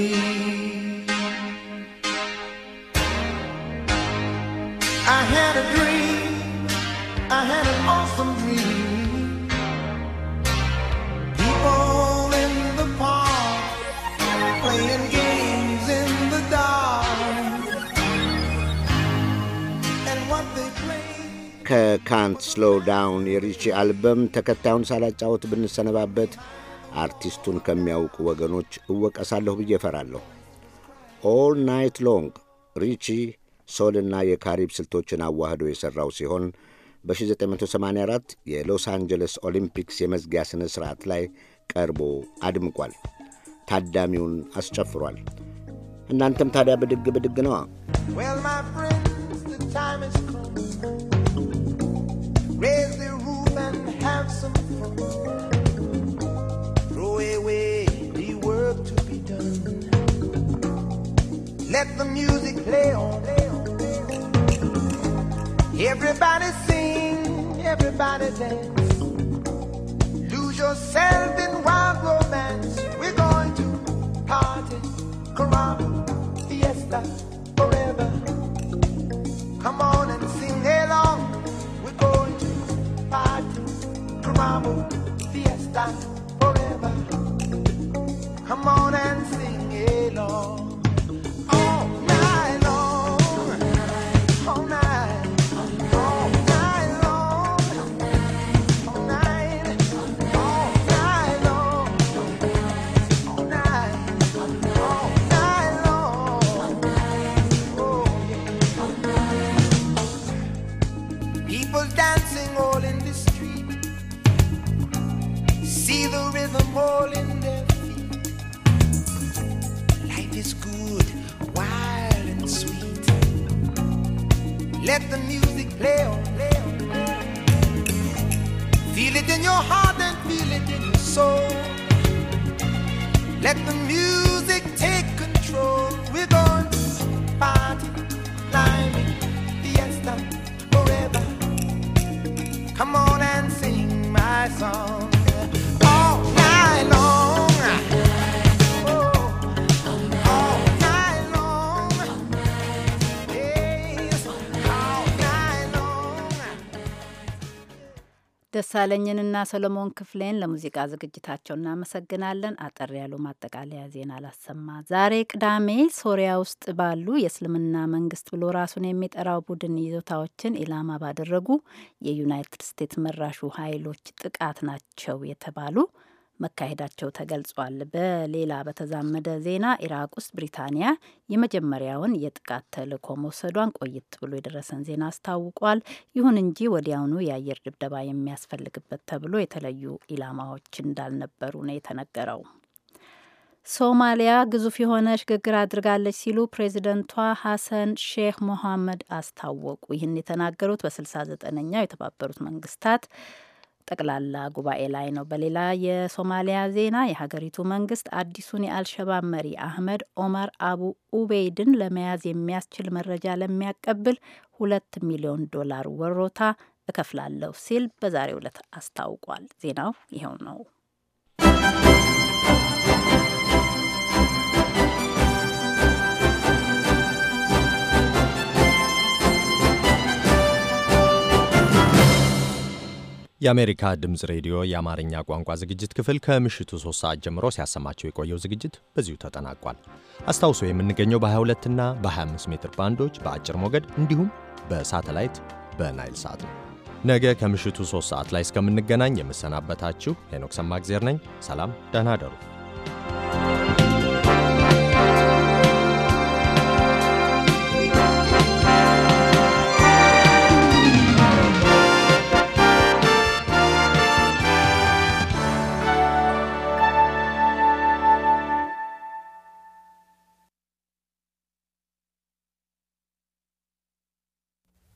ከካንት ስሎው ዳውን የሪቺ አልበም ተከታዩን ሳላጫወት ብንሰነባበት አርቲስቱን ከሚያውቁ ወገኖች እወቀሳለሁ ብዬ እፈራለሁ። ኦል ናይት ሎንግ ሪቺ ሶልና የካሪብ ስልቶችን አዋህዶ የሠራው ሲሆን በ1984 የሎስ አንጀለስ ኦሊምፒክስ የመዝጊያ ሥነ ሥርዓት ላይ ቀርቦ አድምቋል። ታዳሚውን አስጨፍሯል። እናንተም ታዲያ ብድግ ብድግ ነዋ።
Let the music play on. Everybody sing, everybody dance. Lose yourself in wild romance. We're going to party, caramba, fiesta, forever. Come on and sing along. We're going to party, caramba, fiesta, forever. Come on and Let the music take control. We're going to party, climbing, fiesta forever. Come on and sing my song.
ደሳለኝንና ሰሎሞን ክፍሌን ለሙዚቃ ዝግጅታቸው እናመሰግናለን። አጠር ያሉ ማጠቃለያ ዜና አላሰማ። ዛሬ ቅዳሜ ሶሪያ ውስጥ ባሉ የእስልምና መንግስት ብሎ ራሱን የሚጠራው ቡድን ይዞታዎችን ኢላማ ባደረጉ የዩናይትድ ስቴትስ መራሹ ኃይሎች ጥቃት ናቸው የተባሉ መካሄዳቸው ተገልጿል። በሌላ በተዛመደ ዜና ኢራቅ ውስጥ ብሪታንያ የመጀመሪያውን የጥቃት ተልእኮ መውሰዷን ቆይት ብሎ የደረሰን ዜና አስታውቋል። ይሁን እንጂ ወዲያውኑ የአየር ድብደባ የሚያስፈልግበት ተብሎ የተለዩ ኢላማዎች እንዳልነበሩ ነው የተነገረው። ሶማሊያ ግዙፍ የሆነ ሽግግር አድርጋለች ሲሉ ፕሬዚደንቷ ሐሰን ሼህ ሞሐመድ አስታወቁ። ይህን የተናገሩት በ69ኛው የተባበሩት መንግስታት ጠቅላላ ጉባኤ ላይ ነው። በሌላ የሶማሊያ ዜና የሀገሪቱ መንግስት አዲሱን የአልሸባብ መሪ አህመድ ኦማር አቡ ኡበይድን ለመያዝ የሚያስችል መረጃ ለሚያቀብል ሁለት ሚሊዮን ዶላር ወሮታ እከፍላለሁ ሲል በዛሬው ዕለት አስታውቋል። ዜናው ይኸው ነው።
የአሜሪካ ድምፅ ሬዲዮ የአማርኛ ቋንቋ ዝግጅት ክፍል ከምሽቱ 3 ሰዓት ጀምሮ ሲያሰማቸው የቆየው ዝግጅት በዚሁ ተጠናቋል። አስታውሶ የምንገኘው በ22 እና በ25 ሜትር ባንዶች በአጭር ሞገድ እንዲሁም በሳተላይት በናይል ሳት ነው። ነገ ከምሽቱ 3 ሰዓት ላይ እስከምንገናኝ የምሰናበታችሁ ሄኖክ ሰማግዜር ነኝ። ሰላም፣ ደህና አደሩ።